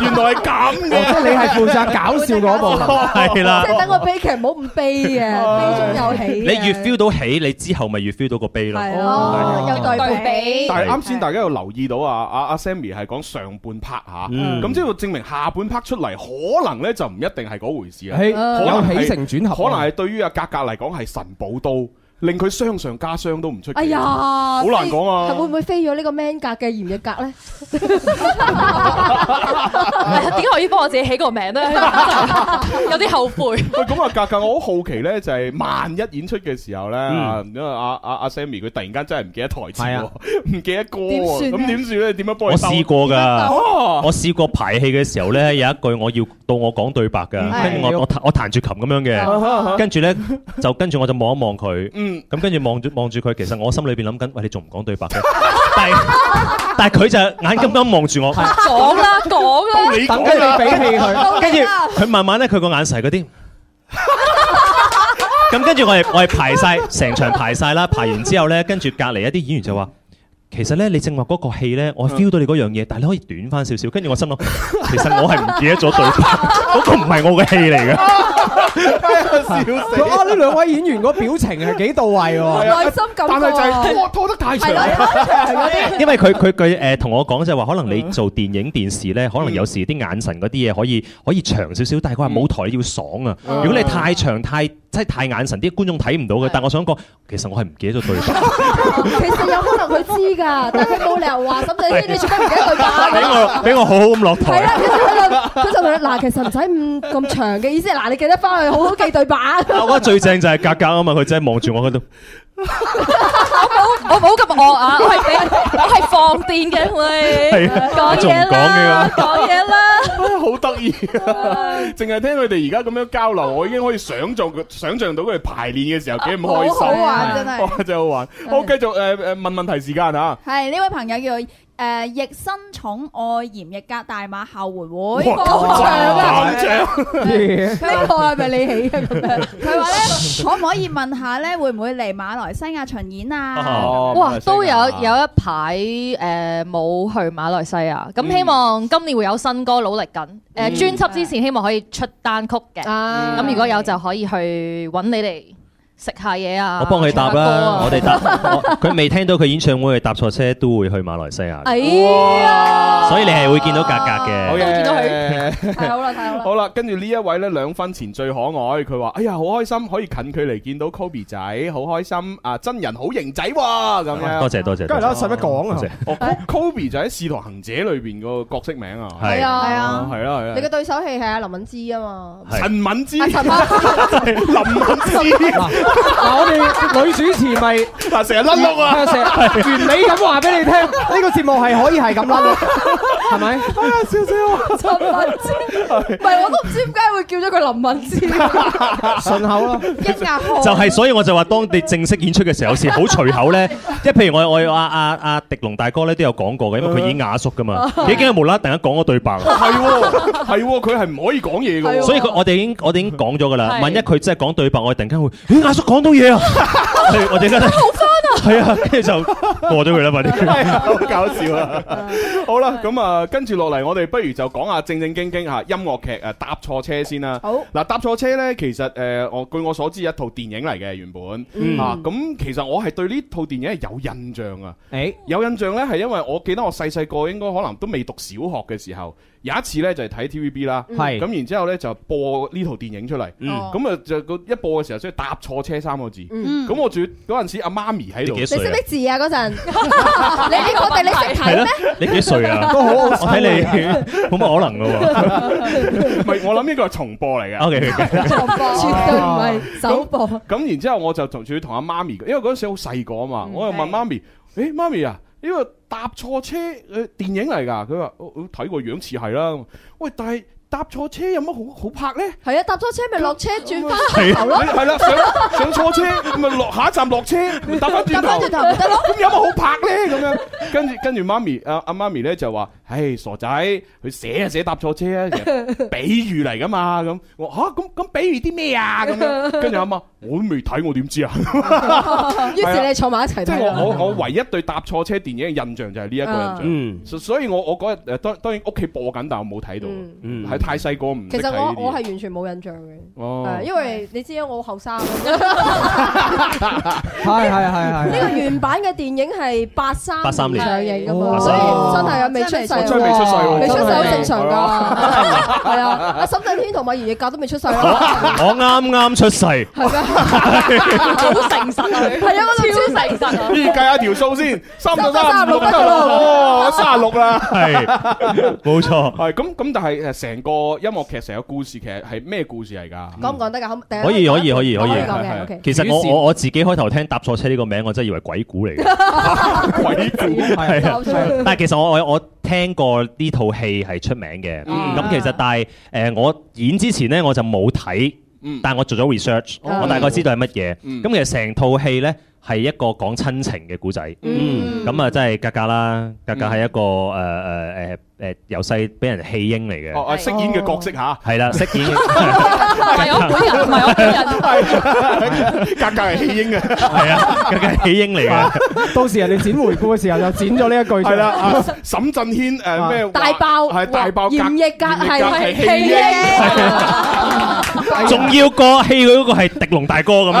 原來係咁嘅，你係負責搞笑嗰部，係啦。即係等個悲劇，唔好咁悲嘅，悲中有喜。你越 feel 到喜，你之後咪越 feel 到個悲咯。有對比。但係啱先，大家有留意到啊？阿阿 Sammy 係講上半拍吓，咁即係證明下半拍出嚟可能咧就唔一定係嗰回事啊。有起承轉合。可能係對於阿格格嚟講係神寶刀。令佢傷上加傷都唔出奇，哎呀，好難講啊！會唔會飛咗呢個 man 格嘅閻奕格咧？點解可以幫我自己起個名咧？有啲後悔。咁啊格格，我好好奇咧，就係萬一演出嘅時候咧，因為阿阿阿 Sammy 佢突然間真係唔記得台詞，唔記得歌，咁點算咧？點樣幫佢？我試過㗎，我試過排戲嘅時候咧，有一句我要到我講對白㗎，跟住我我我彈住琴咁樣嘅，跟住咧就跟住我就望一望佢。咁跟住望住望住佢，其實我心裏邊諗緊，喂，你仲唔講對白嘅？ 但係但係佢就眼金金望住我，講啦， 講啦， 等你等緊你俾戲佢，跟住佢慢慢咧，佢個眼神嗰啲，咁跟住我哋我哋排晒成 場排晒啦，排完之後咧，跟住隔籬一啲演員就話，其實咧你正話嗰個戲咧，我 feel 到你嗰樣嘢， 但係你可以短翻少少，跟住我心諗。 其實我係唔記得咗對白，嗰個唔係我嘅戲嚟嘅。笑死！啊，呢兩位演員個表情係幾到位喎，內心感。但係就係拖拖得太長。因為佢佢佢誒同我講就係話，可能你做電影電視咧，可能有時啲眼神嗰啲嘢可以可以長少少，但係佢話舞台要爽啊。如果你太長太即係太眼神，啲觀眾睇唔到嘅。但我想講，其實我係唔記得咗對白。其實有可能佢知㗎，但係冇理由話咁你你全部唔記得對白。俾我俾我好好咁落台。嗱，其實唔使咁長嘅意思，嗱，你記得翻去好好記對白。我覺得最正就係格格啊嘛，佢真係望住我嗰度。我冇，我冇咁惡啊！我係俾，我係放電嘅喂。係啊，講嘢啦，講嘢啦。好得意，淨係聽佢哋而家咁樣交流，我已經可以想像，想像到佢哋排練嘅時候幾唔開心。好玩真係，真係好玩。我繼續誒誒問問題時間啊。係呢位朋友叫。誒、uh，逆身寵愛閻奕格大馬後援會，好長啊！呢個係咪你起嘅？咁樣、yeah.，佢話咧，可唔可以問下咧，會唔會嚟馬來西亞巡演啊？哇、哦，都有有一排誒冇去馬來西亞，咁希望今年會有新歌努力緊。誒、嗯呃，專輯之前希望可以出單曲嘅，咁、啊嗯、如果有就可以去揾你哋。食下嘢啊！我幫佢搭啦，我哋搭。佢未聽到佢演唱會，搭錯車都會去馬來西亞。哎呀！所以你係會見到格格嘅。好又見到佢。太好啦，好啦。好啦，跟住呢一位咧，兩分前最可愛。佢話：哎呀，好開心，可以近距離見到 Kobe 仔，好開心啊！真人好型仔喎，咁樣。多謝多謝。跟住咧，使乜講啊？Kobe 就喺《使徒行者》裏邊個角色名啊。係啊係啊。係啦係啦。你嘅對手戲係阿林敏之啊嘛。陳敏之。阿陳。林敏之。嗱、啊、我哋女主持咪嗱成日甩碌啊，成、啊、的原理咁話俾你聽，呢、這個節目係可以係咁甩碌，係咪 吧？少少 陳文之泥，唔係的我都唔知點解會叫咗佢林文之，順口咯，一眼就係、是、所以我就話當地正式演出嘅時候是好 隨口咧，即係譬如我我阿阿阿狄龍大哥咧都有講過嘅，因為佢已經啞叔㗎嘛，的已經係無啦啦突然間講咗對白，係喎係喎，佢係唔可以講嘢㗎，的 所以佢我哋已經我哋已經講咗㗎啦，萬一佢真係講對白，我哋突然間會，啊講到嘢啊，我哋好翻啊，係啊，跟住就過咗佢啦，快啲，係好搞笑啊！好啦，咁啊，跟住落嚟，我哋不如就講下正正經經吓音樂劇誒，搭錯車先啦。好嗱，搭錯車呢，其實誒，我據我所知係一套電影嚟嘅，原本啊，咁其實我係對呢套電影係有印象啊。誒，有印象呢，係因為我記得我細細個應該可能都未讀小學嘅時候。有一次咧就係睇 TVB 啦，咁然之後咧就播呢套電影出嚟，咁啊就一播嘅時候，即係搭錯車三個字，咁我仲要嗰陣時阿媽咪喺度，你識乜字啊嗰陣？你我哋你睇咩？你幾歲啊？都好，我睇你冇乜可能噶唔係，我諗呢個係重播嚟嘅。OK，重播絕對唔係首播。咁然之後我就仲要同阿媽咪，因為嗰陣時好細個啊嘛，我又問媽咪：，誒，媽咪啊！呢個搭錯車，誒，電影嚟㗎。佢話：我我睇個樣似係啦。喂，但係。搭錯車有乜好好拍咧？係 啊，搭錯車咪落車轉翻頭咯，係啦，上上錯車咪落下，下一站落車，搭翻轉頭，咪得咯。咁 有乜好拍咧？咁樣跟住跟住，媽咪阿阿媽咪咧就話，唉、欸，傻仔，佢寫啊寫搭錯車啊，啊，啊，啊，啊，比喻嚟噶嘛咁。我嚇咁咁比喻啲咩啊？咁樣跟住阿媽，我都未睇，我點知啊？ 於是你坐埋一齊睇。即係我我唯一對搭錯車電影嘅印象就係呢一個印象。啊、所以我我嗰日誒，當然屋企播緊，但我冇睇到，嗯，太細個唔。其實我我係完全冇印象嘅。哦。因為你知啊，我後生。係係係係。呢個原版嘅電影係八三八三年上映㗎嘛，所以真係啊，未出世。真係未出世喎，未出世好正常㗎。係啊，阿沈震軒同埋閻奕格都未出世啦。我我啱啱出世。係咩？好誠實佢。係啊，我超誠實。依計下條數先，三十三六，哇，三十六啦，係冇錯。係咁咁，但係誒成個。個音樂劇成個故事劇係咩故事嚟㗎？講唔講得㗎？可以可以可以可以。其實我我我自己開頭聽搭錯車呢個名，我真係以為鬼故嚟嘅。鬼故係啊，但係其實我我我聽過呢套戲係出名嘅。咁其實但係誒，我演之前咧我就冇睇，但係我做咗 research，我大概知道係乜嘢。咁其實成套戲咧係一個講親情嘅故仔。咁啊，真係格格啦，格格係一個誒誒誒誒由細俾人棄嬰嚟嘅。哦，飾演嘅角色吓。係啦，飾演係我本人，唔係我本人。格格係棄嬰啊，係啊，格格係棄嬰嚟嘅。到時人哋剪回顧嘅時候就剪咗呢一句。係啦，沈震軒誒咩？大爆係大爆，閻奕格係棄嬰。仲要過戲嗰個係狄龍大哥咁樣，係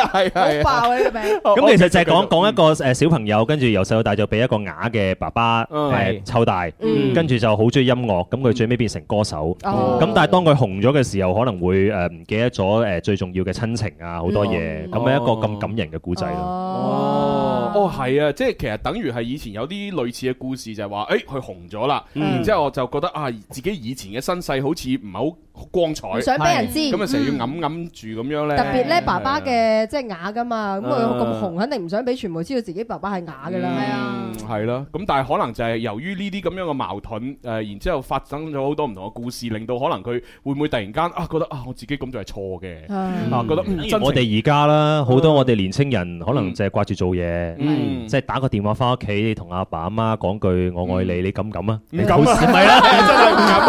啊係啊，好爆呢個名。咁其實就係講講一個誒小朋友，跟住由細到大就俾一個啞嘅爸爸誒湊大，跟住就好中意音樂。咁佢最尾變成歌手。咁但係當佢紅咗嘅時候，可能會誒唔記得咗誒最重要嘅親情啊，好多嘢。咁係一個咁感人嘅故仔咯。哦，哦係啊，即係其實等於係以前有啲類似嘅故事，就係話誒佢紅咗啦，然之後我就覺得啊自己以前嘅身世好似唔係好光彩，唔想俾人知，咁啊成日要揞揞住咁樣咧。特別咧，爸爸嘅即係啞噶嘛，咁佢咁紅，肯定唔想俾傳媒知道自己爸爸係啞噶啦。係啊，係咯。咁但係可能就係由於呢啲咁樣嘅矛盾，誒然之後發生咗好多唔同嘅故事，令到可能佢會唔會突然間啊覺得啊我自己咁就係錯嘅啊覺得。我哋而家啦，好多我哋年青人可能淨係掛住做嘢，即係打個電話翻屋企同阿爸阿媽講句我愛你，你敢唔敢啊？唔敢啊，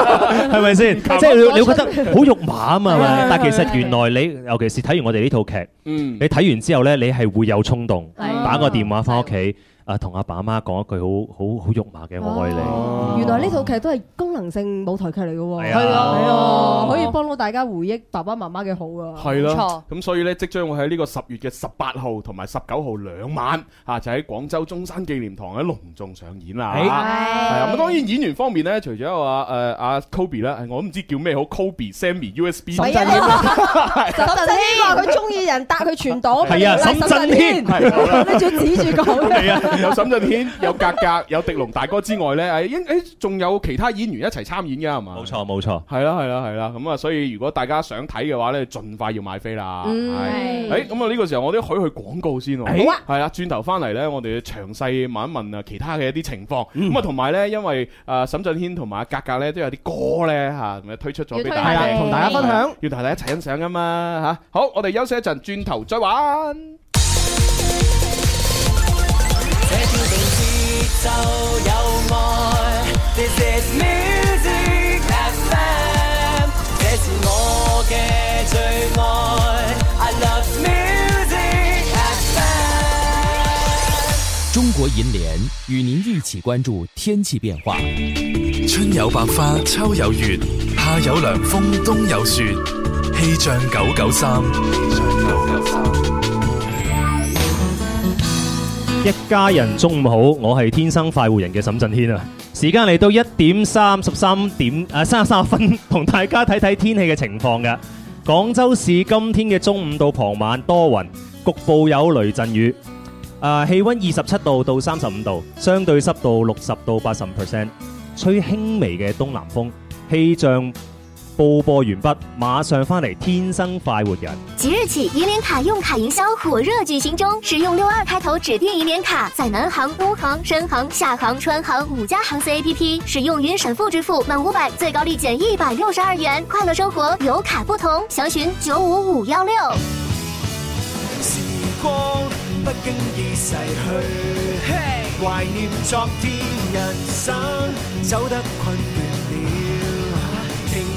係咪先？即係好肉麻啊嘛，但其實原來你， 尤其是睇完我哋呢套劇，嗯、你睇完之後咧，你係會有衝動、嗯、打個電話翻屋企。 啊，同阿爸阿媽講一句好好好肉麻嘅我愛你。哦、原來呢套劇都係功能性舞台劇嚟嘅喎。啊，係啊，可以幫到大家回憶爸爸媽媽嘅好啊。係啦，冇錯。咁所以咧，即將會喺呢個十月嘅十八號同埋十九號兩晚，嚇就喺廣州中山紀念堂咧隆重上演啦。係啊，咁、啊、當然演員方面咧，除咗阿誒阿 Kobe 啦，我唔知叫咩好，Kobe Sammy USB。傻仔話佢中意人搭佢全躲，係啊，傻仔添，你仲指住講。係啊。 有沈震軒、有格格、有狄龍大哥之外呢，誒、哎，誒、哎，仲有其他演員一齊參演嘅係嘛？冇錯，冇錯，係啦，係啦，係啦。咁啊，所以如果大家想睇嘅話呢，盡快要買飛啦。係、嗯，咁啊的，呢、哎、個時候我都可以去廣告先喎。好啊、哎。係啦，轉頭翻嚟呢，我哋詳細問一問啊，其他嘅一啲情況。咁啊、嗯，同埋呢，因為誒，沈震軒同埋格格呢都有啲歌呢，吓，咁啊推出咗俾大家，同大家分享，要同大家一齊欣賞啊嘛吓。好，我哋休息一陣，轉頭再玩。就有愛，這是我嘅最愛。中國銀聯與您一起關注天氣變化。春有百花，秋有月，夏有涼風，冬有雪。氣象九九三。一家人中午好，我係天生快活人嘅沈震軒啊！時間嚟到一點三十三點，誒，三十三分，同大家睇睇天氣嘅情況嘅。廣州市今天嘅中午到傍晚多雲，局部有雷陣雨。誒、呃，氣溫二十七度到三十五度，相對濕度六十到八十 percent，吹輕微嘅東南風。氣象報播，播完畢，馬上翻嚟！天生快活人。即日起，銀聯卡用卡營銷火熱舉行中，使用六二開頭指定銀聯卡，在南航、烏航、深航、廈航、川航五家航司 APP 使用雲閃付支付，滿五百最高立減一百六十二元，快樂生活有卡不同，詳詢九五五幺六。時光不經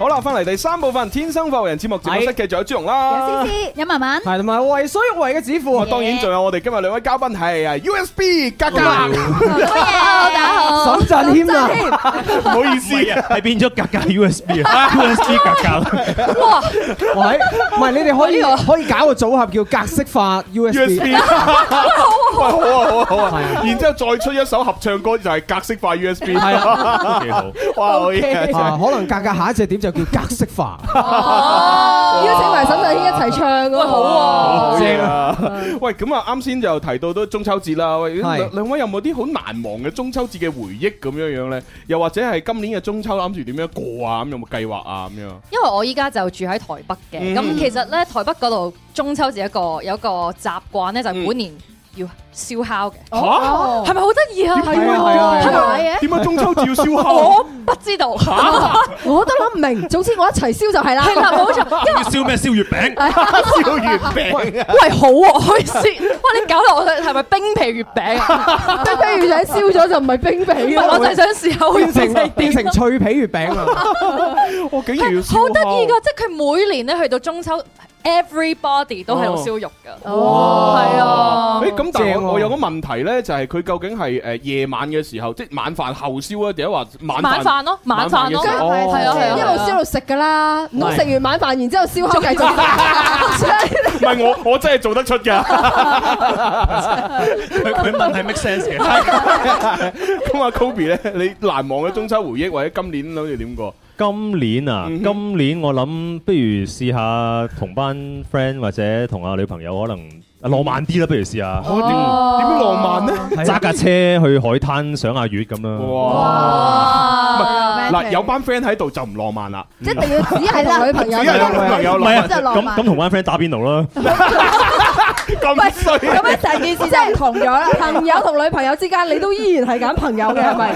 好啦，翻嚟第三部分《天生快活人》節目，正式繼續有朱融啦，有詩詩，有文文，係同埋為所欲為嘅子父。當然，仲有我哋今日兩位嘉賓係啊 USB 格格，大家好，沈震軒啊，唔好意思啊，係變咗格格 USB 啊，USB 格格，哇，喂，唔係你哋可以可以搞個組合叫格式化 USB，好啊好啊好啊，係啊，然之後再出一首合唱歌就係格式化 USB，係啊，幾好，哇，好嘅，可能格格下一隻點就。叫格式化。邀 而、啊、哇請埋沈震軒一齊唱喎。好啊，好正啊，啊喂。喂，咁啊是，啱先就提到都中秋節啦。喂，兩位有冇啲好難忘嘅中秋節嘅回憶咁樣樣咧？又或者係今年嘅中秋諗住點樣過啊？咁有冇計劃啊？咁樣。因為我依家就住喺台北嘅，咁、嗯、其實咧台北嗰度中秋節一個有一個習慣咧，就係本年、嗯。要燒烤嘅嚇，係咪好得意啊？係啊，係啊，係啊。點解中秋就要燒烤？我不知道嚇，我都諗唔明。總之我一齊燒就係啦。係啦，冇錯。因為燒咩？燒月餅。燒月餅。喂，好啊，可以燒。哇，你搞落去係咪冰皮月餅啊？冰皮月餅燒咗就唔係冰皮啊！我就係想試下會變成變成脆皮月餅啊！我竟然好得意噶，即係佢每年咧去到中秋。everybody 都喺度燒肉噶，哦，係啊，誒，咁但係我有個問題咧，就係佢究竟係誒夜晚嘅時候，即係晚飯後燒啊？定係話晚晚飯咯，晚飯咯，係啊，係啊，一路燒一路食噶啦，唔好食完晚飯，然之後燒烤繼續，唔係我我真係做得出噶，佢問題 make sense 嘅，咁阿 Kobe 咧，你難忘嘅中秋回憶或者今年諗住點過？今年啊，今年我諗不如試下同班 friend 或者同阿女朋友可能啊浪漫啲啦，不如試下。點點、哦哦、浪漫咧？揸架、啊、車去海灘賞下月咁樣。哇！嗱，有班 friend 喺度就唔浪漫啦，一定要只係女朋友， 只係女朋友，唔係啊。咁咁同班 friend 打邊爐啦。 咁衰，咁啊！ 成件事真係唔同咗啦。 朋友同女朋友之間， 你都依然係揀朋友嘅，係咪？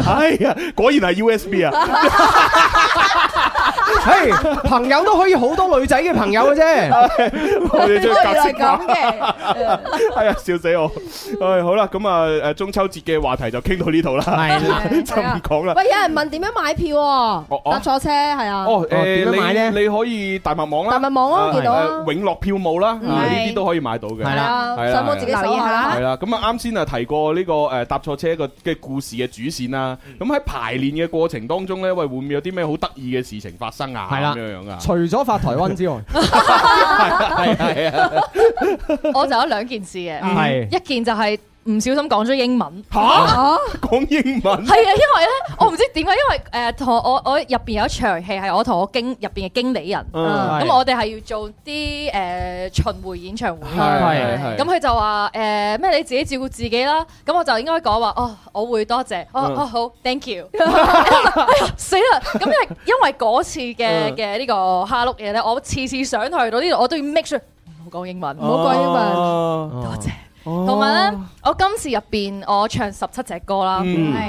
係啊，果然係 USB 啊！ 係朋友都可以好多女仔嘅朋友嘅啫，我哋最特色咁嘅，係啊，笑死我！唉，好啦，咁啊，誒，中秋節嘅話題就傾到呢度啦。係啦，就唔講啦。喂，有人問點樣買票搭錯車係啊？哦，誒，點樣買咧，你你可以大麥網啦，大麥網咯，見到永樂票務啦，呢啲都可以買到嘅。係啦，上網自己留意下啦。係啦，咁啊，啱先啊，提過呢個誒搭錯車個嘅故事嘅主線啦。咁喺排練嘅過程當中咧，喂，會唔會有啲咩好得意嘅事情發生？瞪係啦，咁樣樣噶了。除咗發台灣之外，係係啊， 我就有兩件事嘅，係是、嗯、一件就係、是。唔小心講咗英文嚇，啊、講英文係啊，因為咧，我唔知點解，因為誒、呃，同我我入邊有一場戲係我同我經入邊嘅經理人，咁我哋係要做啲誒巡迴演唱會，咁佢就話誒咩你自己照顧自己啦，咁、嗯嗯嗯、我就應該講話哦，我會謝謝、哦啊喔哎哎、我我多謝，哦哦好，thank you，死啦，咁因為因為嗰次嘅嘅呢個蝦碌嘢咧，我次次上去到呢度，我都要 mix 唔好講英文，唔好講英文，多謝。同埋咧，我今次入邊我唱十七隻歌啦，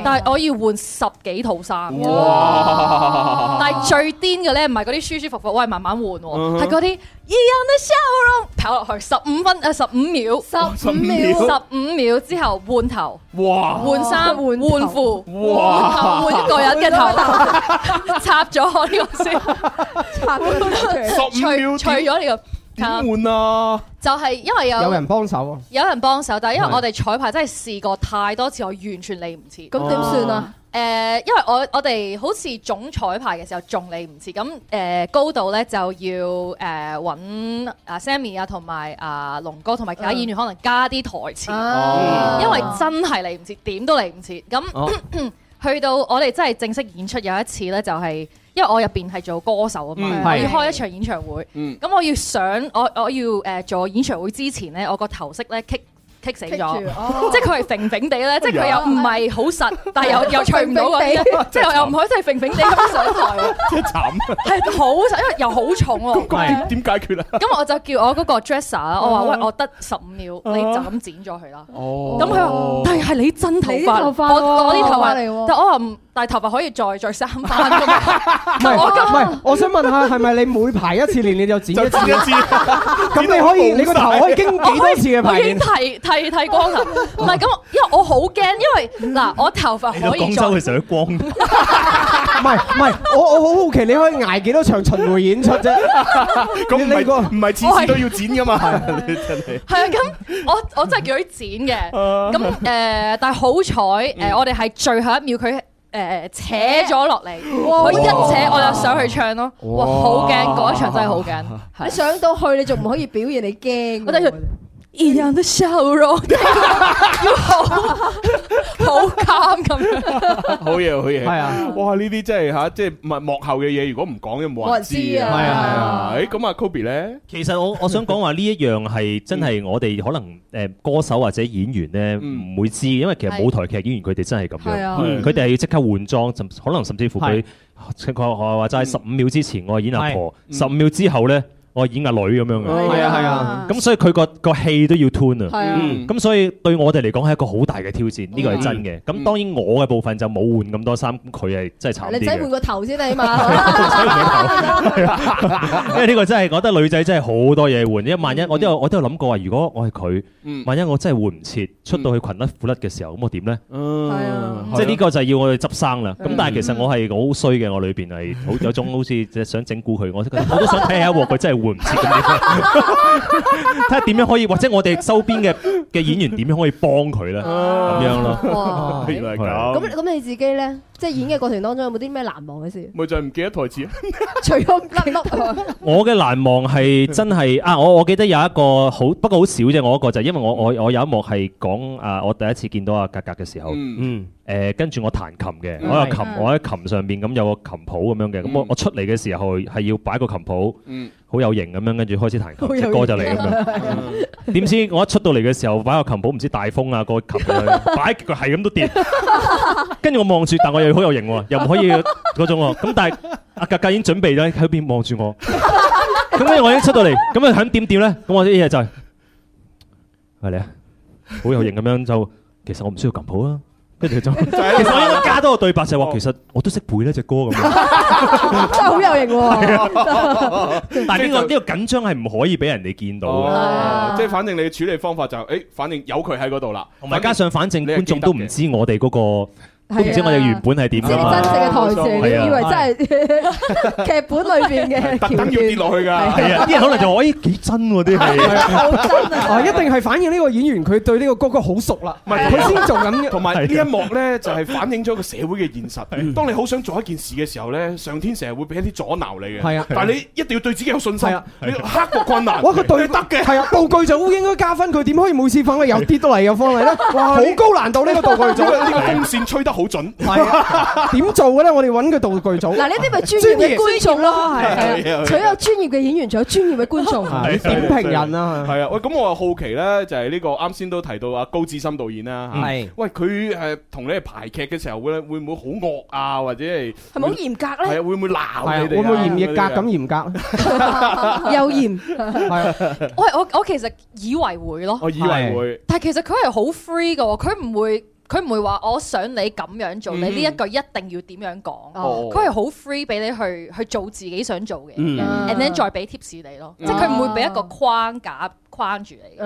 但係我要換十幾套衫。哇！但係最癲嘅咧，唔係嗰啲舒舒服服，喂慢慢換，係嗰啲，一樣嘅笑容，跑落去十五分啊，十五秒，十五秒，十五秒之後換頭。哇！換衫換換褲。哇！換一個人嘅頭插咗呢個先，插咗。十五秒。除除咗呢個。點換、嗯、啊？就係因為有有人幫手，啊。有人幫手，但係因為我哋彩排真係試過太多次，我完全嚟唔切。咁點算啊？誒、嗯嗯，因為我我哋好似總彩排嘅時候仲嚟唔切。咁誒、呃、高度呢，就要誒揾、呃、阿 Sammy 啊，同埋阿龍哥同埋其他演員可能加啲台詞，嗯嗯、因為真係嚟唔切，點都嚟唔切。咁、哦、 去到我哋真係正式演出有一次呢、就係，就係。因為我入邊係做歌手啊嘛，嗯、我要開一場演唱會，咁、嗯、我要想，我我要誒、呃、做演唱會之前呢，我個頭飾呢，死咗，即係佢係揈揈地咧，即係又唔係好實，但係又又除唔到個嘢，即係又唔可以真係揈揈地咁上台，真慘，係好實，因為又好重喎。解點解決啊？咁我就叫我嗰個 dresser 啦，我話喂，我得十五秒，你就咁剪咗佢啦。哦，咁佢話，但係你真頭髮，我我啲頭髮，但我話但係頭髮可以再再三翻。唔係，唔係，我想問下，係咪你每排一次練你就剪一次？咁你可以，你個頭可以經幾多次嘅排練？睇剃光頭，唔係咁，因為我好驚，因為嗱，我頭髮可以。廣州嘅時候光，唔係唔係，我我好好奇，你可以挨幾多場巡迴演出啫？咁你個唔係次次都要剪㗎嘛？係啊，真係咁我我真係叫佢剪嘅。咁誒，但係好彩誒，我哋係最後一秒佢誒扯咗落嚟，佢一扯我就上去唱咯。哇，好驚嗰一場真係好驚！你上到去你仲唔可以表現你驚？我一樣的笑容， 好 好慘咁，好嘢好嘢，係啊！哇，呢啲真係吓，啊，即係唔係幕後嘅嘢。如果唔講，有冇人知啊？係啊係啊！誒、哎，咁阿 Kobe 咧？其實我我想講話呢一樣係真係我哋可能誒歌手或者演員咧唔、嗯、會知，因為其實舞台劇演員佢哋真係咁樣，佢哋係要即刻換裝，可能甚至乎佢話齋就係十五秒之前我演阿婆，十五秒之後咧。我演阿女咁樣嘅，係啊係啊，咁所以佢個個戲都要吞啊，咁所以對我哋嚟講係一個好大嘅挑戰，呢個係真嘅。咁當然我嘅部分就冇換咁多衫，佢係真係慘。女仔換個頭先得啊嘛，因為呢個真係我覺得女仔真係好多嘢換，因為萬一我都有我都有諗過話，如果我係佢，萬一我真係換唔切，出到去裙甩褲甩嘅時候，咁我點咧？即係呢個就係要我哋執生啦。咁但係其實我係好衰嘅，我裏邊係有種好似想整蠱佢，我都想睇下喎，佢真係。換唔切咁樣，睇下點樣可以，或者我哋周邊嘅嘅演員點樣可以幫佢咧，咁、啊、樣咯。哇 原來係咁。咁咁你自己咧？即係演嘅過程當中，有冇啲咩難忘嘅事？咪就係唔記得台詞。除咗粒粒。我嘅難忘係真係啊！我我記得有一個好不過好少啫，我一個就因為我我我有一幕係講啊，我第一次見到阿格格嘅時候。嗯。誒，跟住我彈琴嘅，我有琴，我喺琴上邊咁有個琴譜咁樣嘅。咁我我出嚟嘅時候係要擺個琴譜，嗯，好有型咁樣，跟住開始彈琴，隻歌就嚟咁樣。點知我一出到嚟嘅時候擺個琴譜，唔知大風啊，個琴擺個係咁都跌。跟住我望住，但係我又～好有型喎，又唔可以嗰種喎。咁 但係阿格格已經準備咗喺邊望住我。咁咧 我已經出到嚟，咁啊肯點點咧？咁我啲嘢就係嚟啊！好有型咁樣就，其實我唔需要琴譜啦，跟住就 其實我應該加多個對白就係話，其實我都識背呢隻歌咁樣。好 有型喎，啊！ 但係呢，呢個呢 個緊張係唔可以俾人哋見到， 哦啊，即係反正你處理方法就誒，是哎，反正有佢喺嗰度啦。同埋加上反正，反正，反正觀眾都唔知我哋嗰，嗰個。唔知我哋原本係點樣？啲真正嘅台詞，以為真係劇本裏邊嘅，特登要跌落去㗎。係啊，啲人可能就可以幾真喎啲戲。係啊，一定係反映呢個演員佢對呢個歌曲好熟啦。唔係，佢先做緊嘅。同埋呢一幕咧，就係反映咗個社會嘅現實。係，當你好想做一件事嘅時候咧，上天成日會俾一啲阻撓你嘅。係啊，但係你一定要對自己有信心。係啊，你要克服困難。哇，佢對得嘅。係啊，道具組應該加分，佢點可以每次咧？又跌到嚟，又放嚟啦！哇，好高難度呢個道具組。因為呢個風扇吹得好。好準，點做嘅咧？我哋揾個道具組，嗱，呢啲咪專業嘅觀眾咯。係係啊，除有專業嘅演員，仲有專業嘅觀眾、點評人啊。係啊，喂，咁我好奇咧，就係呢個啱先都提到啊，高志森導演啦。係，喂，佢誒同你排劇嘅時候咧，會唔會好惡啊？或者係係咪好嚴格咧？係會唔會鬧你哋？會唔會嚴亦格咁嚴格？又嚴，我我我其實以為會咯，我以為會，但係其實佢係好 free 嘅，佢唔會。佢唔會話我想你咁樣做，你呢一句一定要點樣講。佢係好 free 俾你去去做自己想做嘅，and then 再俾 tips 你咯。即係佢唔會俾一個框架框住你。係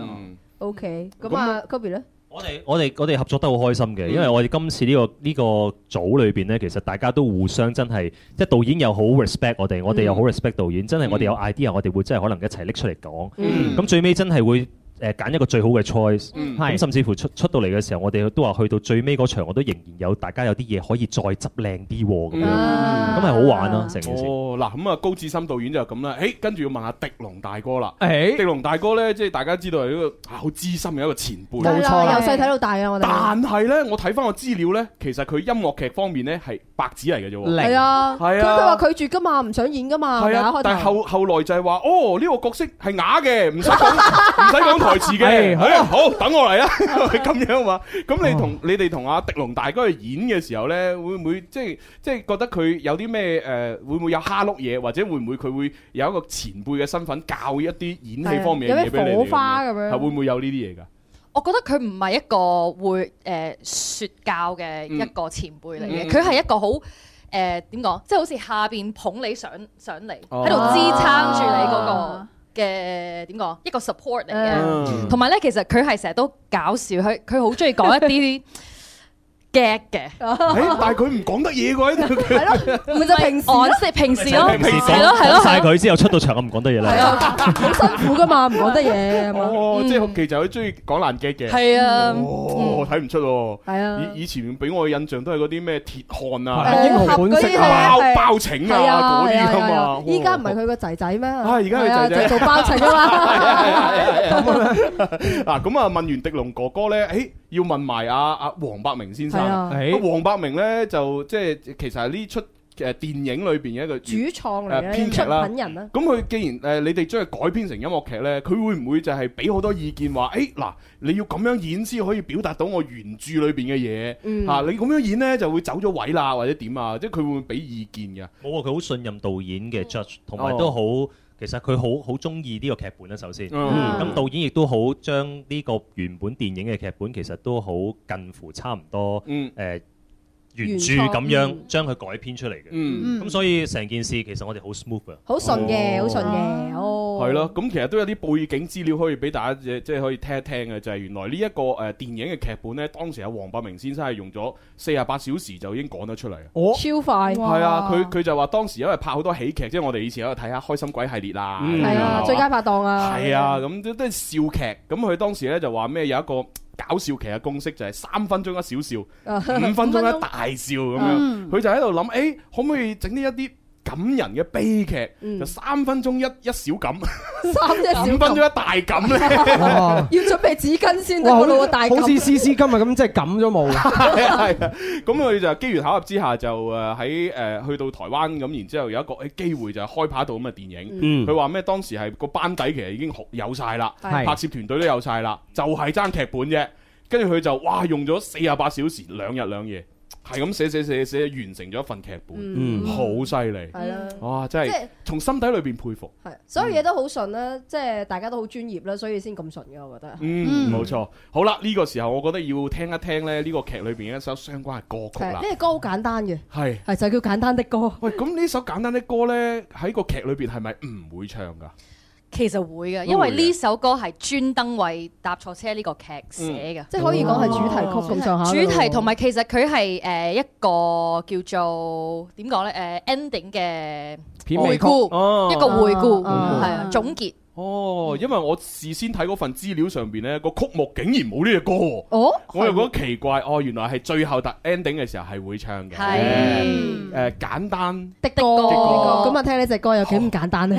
啊，OK。咁啊，Kobe 咧？我哋我哋我哋合作得好開心嘅，因為我哋今次呢個呢個組裏邊呢，其實大家都互相真係即係導演又好 respect 我哋，我哋又好 respect 導演。真係我哋有 idea，我哋會真係可能一齊拎出嚟講。咁最尾真係會。誒揀一個最好嘅 choice，咁甚至乎出出到嚟嘅時候，我哋都話去到最尾嗰場，我都仍然有大家有啲嘢可以再執靚啲咁樣，咁係好玩咯，成件事。嗱，咁啊高志森導演就係咁啦，誒跟住要問下狄龍大哥啦，狄龍大哥咧，即係大家知道係一個好資深一個前輩，冇錯，由細睇到大啊我哋。但係咧，我睇翻個資料咧，其實佢音樂劇方面咧係白紙嚟嘅啫喎，零啊，佢佢話拒絕㗎嘛，唔想演㗎嘛，係啊，但係後後來就係話哦呢個角色係啞嘅，唔使講，唔使講。台詞嘅，好是，好，等我嚟啦。係咁樣嘛？咁你同你哋同阿迪龍大哥去演嘅時候咧，會唔會即係即係覺得佢有啲咩誒？會唔會有蝦碌嘢，或者會唔會佢會有一個前輩嘅身份教一啲演戲方面嘅嘢俾你哋有咩火花咁樣？係會唔會有呢啲嘢噶？我覺得佢唔係一個會誒説教嘅一個前輩嚟嘅，佢係、嗯、一個好誒點講，即係好似下邊捧你上上嚟，喺度、哦、支撐住你嗰、嗰個。啊啊嘅點講一個 support 嚟嘅。同埋咧其實佢係成日都搞笑，佢佢好中意講一啲。 夾嘅，哎，但係佢唔講得嘢嘅喎，係咯，唔係就平時，平時咯，係咯，係咯，講晒佢之後出到場咁唔講得嘢啦，係啊，好辛苦噶嘛，唔講得嘢，哦，即係好奇就係佢中意講爛夾嘅，係啊，哦，睇唔出喎，係啊，以以前俾我嘅印象都係嗰啲咩鐵漢啊，英雄本色啊，包拯啊嗰啲噶嘛，依家唔係佢個仔仔咩？啊，而家佢仔仔做包拯噶嘛，啊，咁啊，問完狄龍哥哥咧，哎，要問埋阿阿黃百鳴先生。個黃百鳴咧就即係其實係呢出誒電影裏邊嘅一個主創嚟嘅，編劇啦，咁佢、啊啊、既然誒、呃、你哋將佢改編成音樂劇咧，佢會唔會就係俾好多意見話誒嗱你要咁樣演先可以表達到我原著裏邊嘅嘢，吓、嗯啊、你咁樣演咧就會走咗位啦或者點啊，即係佢會唔會俾意見噶？冇啊、哦，佢好信任導演嘅 judge，同埋都好。嗯其實佢好好鍾意呢個劇本啊，首先，咁、Uh huh. 導演亦都好將呢個原本電影嘅劇本，其實都好近乎差唔多誒。Uh huh. 呃原著咁樣將佢改編出嚟嘅，咁所以成件事其實我哋好 smooth 嘅，好順嘅，好順嘅，哦。係咯，咁其實都有啲背景資料可以俾大家，即係可以聽一聽嘅，就係原來呢一個誒電影嘅劇本呢，當時阿黃百鳴先生係用咗四十八小時就已經講得出嚟哦，超快。係啊，佢佢就話當時因為拍好多喜劇，即係我哋以前喺度睇下《開心鬼》系列啦，係啊，《最佳拍檔》啊，係啊，咁都都係笑劇。咁佢當時呢就話咩有一個。搞笑劇嘅公式就係三分鐘一小笑， 五分鐘一大笑咁樣，佢、 嗯、就喺度諗，誒、欸、可唔可以整呢一啲？感人嘅悲劇，就、嗯、三分鐘一一小感，三感五分鐘一大感咧，啊啊、要準備紙巾先、啊。好似詩詩今日咁，即係感咗冇。係咁佢就機緣巧合之下就喺誒、呃、去到台灣咁，然之後有一個誒機會就開拍到咁嘅電影。佢話咩？當時係個班底其實已經有晒啦，是拍攝團隊都有晒啦，就係、是、爭劇本啫。跟住佢就哇用咗四十八小時兩日兩夜。兩夜係咁寫寫寫寫完成咗一份劇本，好犀利，哇！真係即從心底裏邊佩服。係所有嘢都好順啦，即係、嗯、大家都好專業啦，所以先咁順嘅，我覺得。嗯，冇、嗯、錯。好啦，呢、呢個時候我覺得要聽一聽咧，呢個劇裏邊一首相關嘅歌曲啦。呢、呢個歌好簡單嘅，係係的就叫簡單的歌。喂，咁呢首簡單的歌呢，喺個劇裏邊係咪唔會唱噶？其實會嘅，因為呢首歌係專登為搭錯車呢個劇寫嘅，即係可以講係主題曲咁上下。主題同埋其實佢係誒一個叫做點講咧？誒 ending 嘅片回顧，一個回顧係啊總結。哦，因為我事先睇嗰份資料上邊咧，個曲目竟然冇呢隻歌，我又覺得奇怪。哦，原來係最後達 ending 嘅時候係會唱嘅。係誒簡單的的歌，咁啊聽呢隻歌有幾唔簡單咧？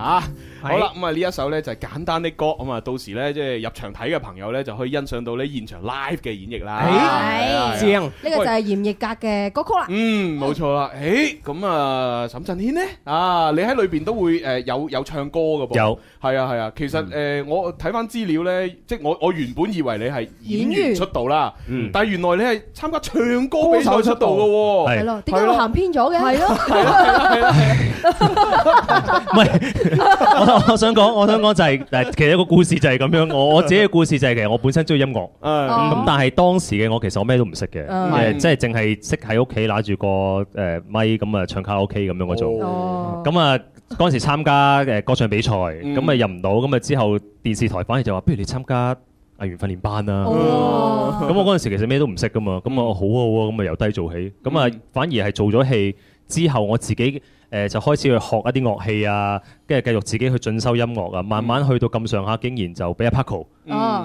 啊！好啦，咁啊呢一首咧就係簡單的歌，咁啊到時咧即係入場睇嘅朋友咧就可以欣賞到咧現場 live 嘅演繹啦。係，呢個就係閻奕格嘅歌曲啦。嗯，冇錯啦。誒，咁啊沈震軒咧，啊你喺裏邊都會誒有有唱歌噶噃？有，係啊係啊。其實誒我睇翻資料咧，即係我我原本以為你係演員出道啦，嗯，但係原來你係參加唱歌比賽出道噶喎。係咯，點解會行偏咗嘅？係咯，係咯，係咯，唔係。 我想講，我想講就係，誒，其實一個故事就係咁樣。我我自己嘅故事就係、是，其實我本身中意音樂，咁、uh, 嗯、但係當時嘅我其實我咩都唔識嘅，即係淨係識喺屋企拿住個誒咪咁啊唱卡拉 OK 咁樣嗰種。咁啊、oh. 嗯，嗰陣時參加誒歌唱比賽，咁啊入唔到，咁啊、嗯、之後電視台反而就話不如你參加藝員訓練班啊。咁我嗰陣時其實咩都唔識噶嘛，咁、嗯、我、嗯、好啊，咁啊由低做起，咁啊反而係做咗戲。之後我自己誒、呃、就開始去學一啲樂器啊，跟住繼續自己去進修音樂啊，慢慢去到咁上下，竟然就俾阿 Paco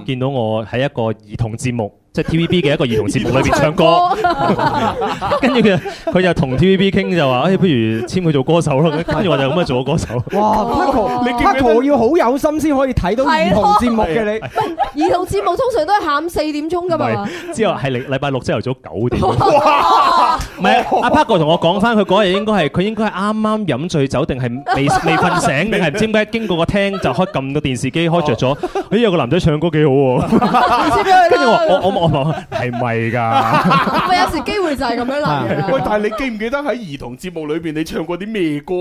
見到我喺一個兒童節目。即係 TVB 嘅一個兒童節目裏邊唱歌，跟住佢佢就同 TVB 傾就話，哎，不如簽佢做歌手咯。跟住我就咁啊做個歌手。哇 p a c k 你見唔見 p a c k 要好有心先可以睇到兒童節目嘅你。唔兒童節目通常都係下午四點鐘㗎嘛？之啊，係禮拜六朝頭早九點。哇！唔係，阿 p a c o 同我講翻，佢嗰日應該係佢應該係啱啱飲醉酒，定係未未瞓醒，定係唔知解經過個廳就開撳個電視機，開着咗，咦，有個男仔唱歌幾好喎。跟住我我我。係咪噶？我有時機會就係咁樣啦。喂，但係你記唔記得喺兒童節目裏邊，你唱過啲咩歌？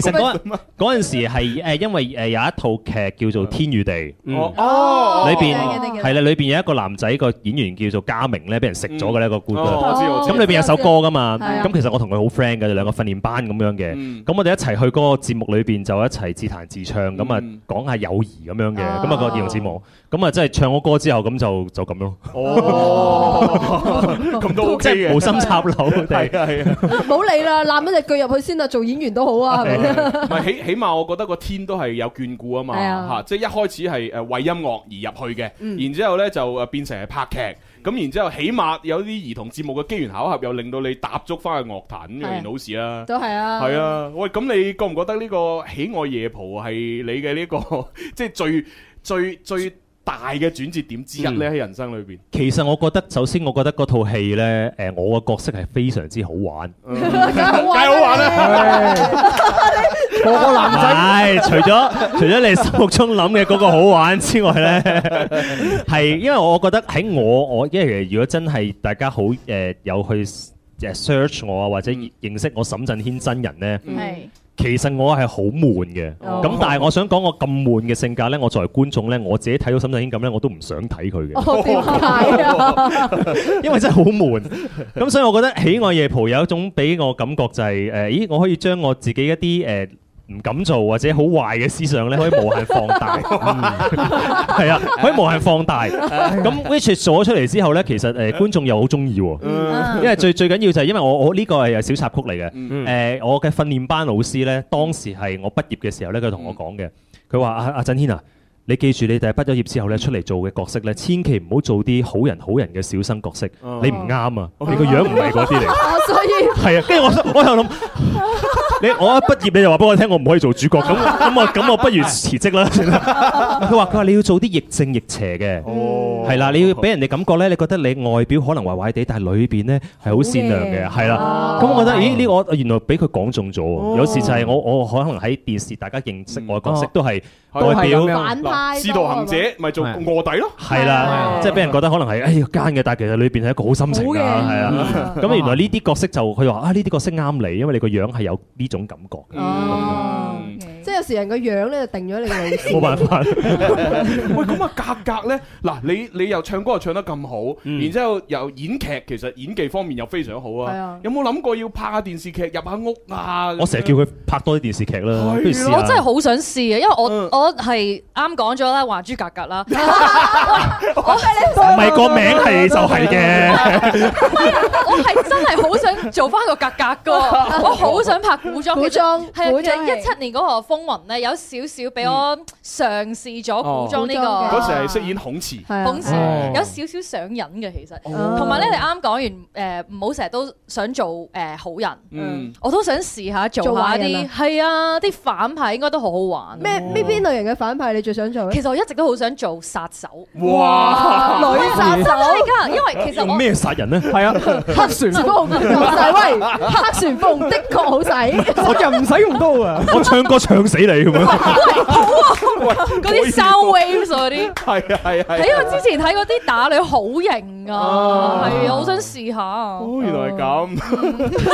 其實嗰陣時係誒，因為誒有一套劇叫做《天與地》。哦哦，裏邊係啦，裏邊有一個男仔個演員叫做嘉明咧，俾人食咗嘅咧，個故。哦，我知道。咁裏邊有首歌噶嘛？咁其實我同佢好 friend 嘅，兩個訓練班咁樣嘅。咁我哋一齊去嗰個節目裏邊就一齊自彈自唱，咁啊講下友誼咁樣嘅，咁啊個兒童節目。咁啊，真係唱咗歌之後，咁就就咁咯。哦，咁都即係冇心插柳，係啊係啊。冇理啦，攬一隻腳入去先啊，做演員都好啊，係咪？唔係起，起碼我覺得個天都係有眷顧啊嘛，嚇！即係一開始係誒為音樂而入去嘅，然之後咧就誒變成係拍劇，咁然之後起碼有啲兒童節目嘅機緣巧合，又令到你踏足翻去樂壇，呢樣好事啊，都係啊，係啊。喂，咁你覺唔覺得呢個喜愛夜蒲係你嘅呢個即係最最最？大嘅轉折點之一咧喺人生裏邊。其實我覺得，首先我覺得嗰套戲呢，誒我嘅角色係非常之好玩，太好玩喇。我個男仔，除咗除咗你心目中諗嘅嗰個好玩之外呢，係因為我覺得喺我我，因為如果真係大家好誒有去誒 search 我啊，或者認識我沈震軒真人咧。其實我係好悶嘅，咁、oh. 但係我想講我咁悶嘅性格呢，oh. 我作為觀眾呢，我自己睇到沈震英軒咁呢，我都唔想睇佢嘅，因為真係好悶。咁 所以我覺得喜愛夜蒲有一種俾我感覺就係、是、誒，咦我可以將我自己一啲誒。呃唔敢做或者好壞嘅思想咧，可以無限放大，係啊，可以無限放大。咁 which 做咗出嚟之後咧，其實誒觀眾又好中意喎，因為最最緊要就係因為我我呢個係小插曲嚟嘅。誒，我嘅訓練班老師咧，當時係我畢業嘅時候咧，佢同我講嘅，佢話啊啊震軒啊，你記住你第日畢咗業之後咧，出嚟做嘅角色咧，千祈唔好做啲好人好人嘅小生角色，你唔啱啊，你個樣唔係嗰啲嚟，係啊，跟住我我又諗。 你我一畢業，你就話俾我聽，我唔可以做主角，咁咁我咁我不如辭職啦。佢話佢話你要做啲亦正亦邪嘅，係啦、哦，你要俾人哋感覺咧，你覺得你外表可能壞壞哋，但係裏邊咧係好善良嘅，係啦的。咁我覺得，咦，呢個原來俾佢講中咗。有時就係我我可能喺電視大家認識我嘅角色都係。嗯嗯嗯嗯代表反派、使徒行者，咪做臥底咯？係啦，即係俾人覺得可能係哎呀奸嘅，但係其實裏邊係一個好深情嘅，係啊。咁原來呢啲角色就佢話啊，呢啲角色啱你，因為你個樣係有呢種感覺嘅。哦，即係有時人個樣咧就定咗你嘅。冇辦法。喂，咁啊格格咧嗱，你你又唱歌又唱得咁好，然之後又演劇，其實演技方面又非常好啊。係啊。有冇諗過要拍下電視劇入下屋啊？我成日叫佢拍多啲電視劇啦。係咯。我真係好想試啊，因為我我。我係啱講咗啦，話豬格格啦，我係你唔係個名係就係嘅。我係真係好想做翻個格格嘅，我好想拍古裝。古裝係一七年嗰個《風雲》咧，有少少俾我嘗試咗古裝呢個。嗰時係飾演孔慈，孔慈有少少上癮嘅，其實。同埋咧，你啱講完誒，唔好成日都想做誒好人。嗯，我都想試下做下啲係啊，啲反派應該都好好玩。咩？呢邊？人嘅反派你最想做？其實我一直都好想做殺手。哇，女殺手，因為其實用咩殺人呢？係啊，黑旋風喂，黑旋風的確好使。我又唔使用刀啊，我唱歌唱死你咁樣。喂，好啊，嗰啲 sound waves 嗰啲。係啊係啊係。喺我之前睇嗰啲打女好型。哦，係啊，好想試下。哦，原來係咁，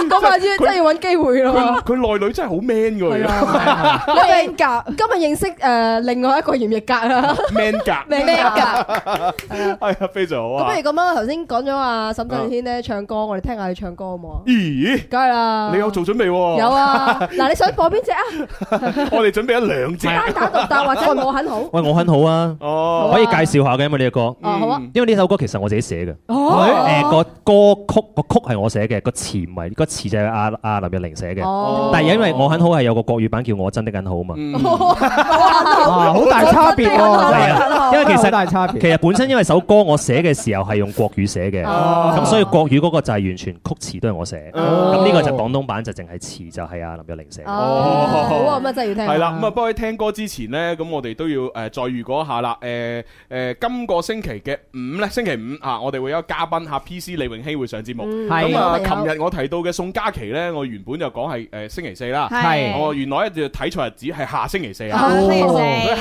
咁啊，真係真係要揾機會咯。佢內裏真係好 man 噶，而家 man 格。今日認識誒，另外一個閻奕格啦。man 格，man 格。係啊，非常好啊。咁不如咁樣，頭先講咗阿沈震軒咧，唱歌，我哋聽下佢唱歌啊嘛。咦？梗係啦。你有做準備？有啊。嗱，你想播邊隻啊？我哋準備咗兩隻。單打獨鬥，或者我很好。喂，我很好啊。哦。可以介紹下嘅，因為呢個歌。哦，好啊。因為呢首歌其實我自己寫。哦！誒個歌曲個曲係我寫嘅，個詞唔係，個詞就係阿阿林若寧寫嘅。但係因為我很好係有個國語版叫我真的很好啊嘛，好大差別喎！係啊，因為其實其實本身因為首歌我寫嘅時候係用國語寫嘅，咁所以國語嗰個就係完全曲詞都係我寫。咁呢個就廣東版就淨係詞就係阿林若寧寫。好啊，咁啊真係要聽。係啦，咁啊不過聽歌之前呢，咁我哋都要誒再預告一下啦。誒誒，今個星期嘅五咧，星期五啊。我哋會有嘉賓吓，P.C. 李榮希會上節目。咁啊，琴日我提到嘅宋嘉琪呢，我原本就講係誒星期四啦。係我原來咧就睇錯日子係下星期四啊。所以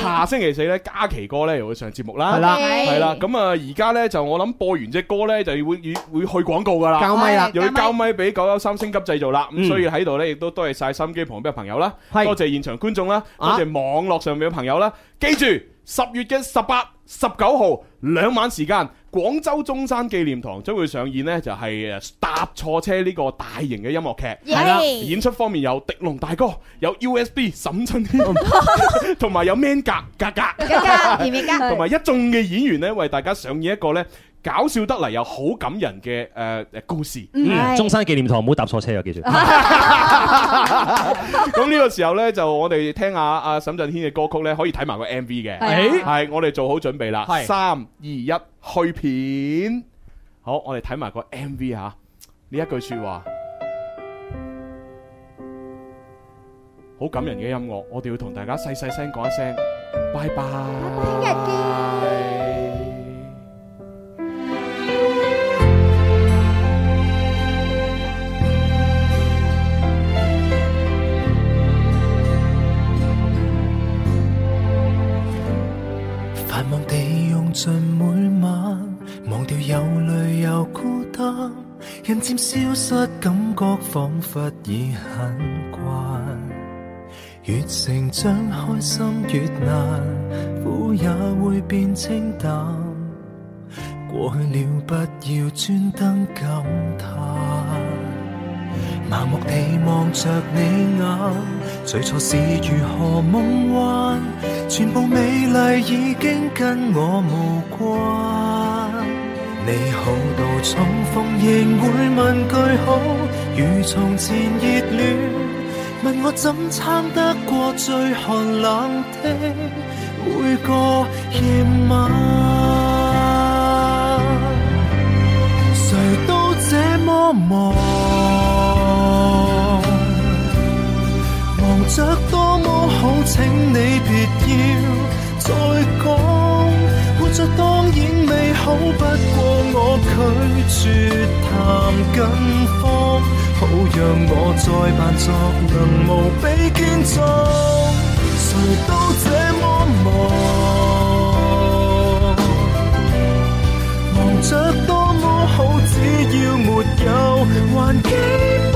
下星期四呢，嘉琪哥呢又會上節目啦。係啦，係啦。咁啊，而家呢，就我諗播完隻歌呢，就要會去廣告噶啦。交咪啦，又要交咪俾九九三星級製造啦。咁所以喺度呢，亦都多謝晒心機旁邊嘅朋友啦，多謝現場觀眾啦，多謝網絡上面嘅朋友啦。記住十月嘅十八、十九號兩晚時間。廣州中山紀念堂將會上演呢，就係、是、搭錯車呢個大型嘅音樂劇。係啦 Yeah.，演出方面有迪龍大哥，有 U S B 沈震軒，同埋 有 man 格格格，同埋 一眾嘅演員呢，為大家上演一個呢。搞笑得嚟又好感人嘅誒誒故事，中山紀念堂唔好搭錯車啊！記住。咁呢個時候咧，就我哋聽下阿沈震軒嘅歌曲咧，可以睇埋個 MV 嘅。係，我哋做好準備啦。三二一，去片。好，我哋睇埋個 MV 嚇。呢一句説話，好感人嘅音樂。我哋要同大家細細聲講一聲，拜拜，拜拜，聽日見。盡每晚忘掉有淚有孤單，人漸消失，感覺仿佛已很慣。越成長，開心越難，苦也會變清淡。過去了，不要專登感嘆，盲目地望着你眼，最初是如何夢幻。全部美麗已經跟我無關，你好到重逢仍會問句好，如從前熱戀。問我怎撐得過最寒冷的每個夜晚，誰都這麼忙。着多麼好，請你別要再講。活着當然美好，不過我拒絕談近況。好讓我再扮作能無比堅強。誰都這麼忙，忙着多麼好，只要沒有還幾。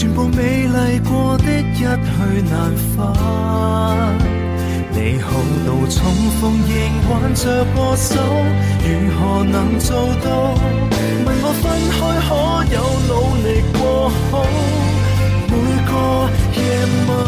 全部美麗過的一去難返，你好到重逢仍挽著我手，如何能做到？問我分開可有努力過好每個夜晚。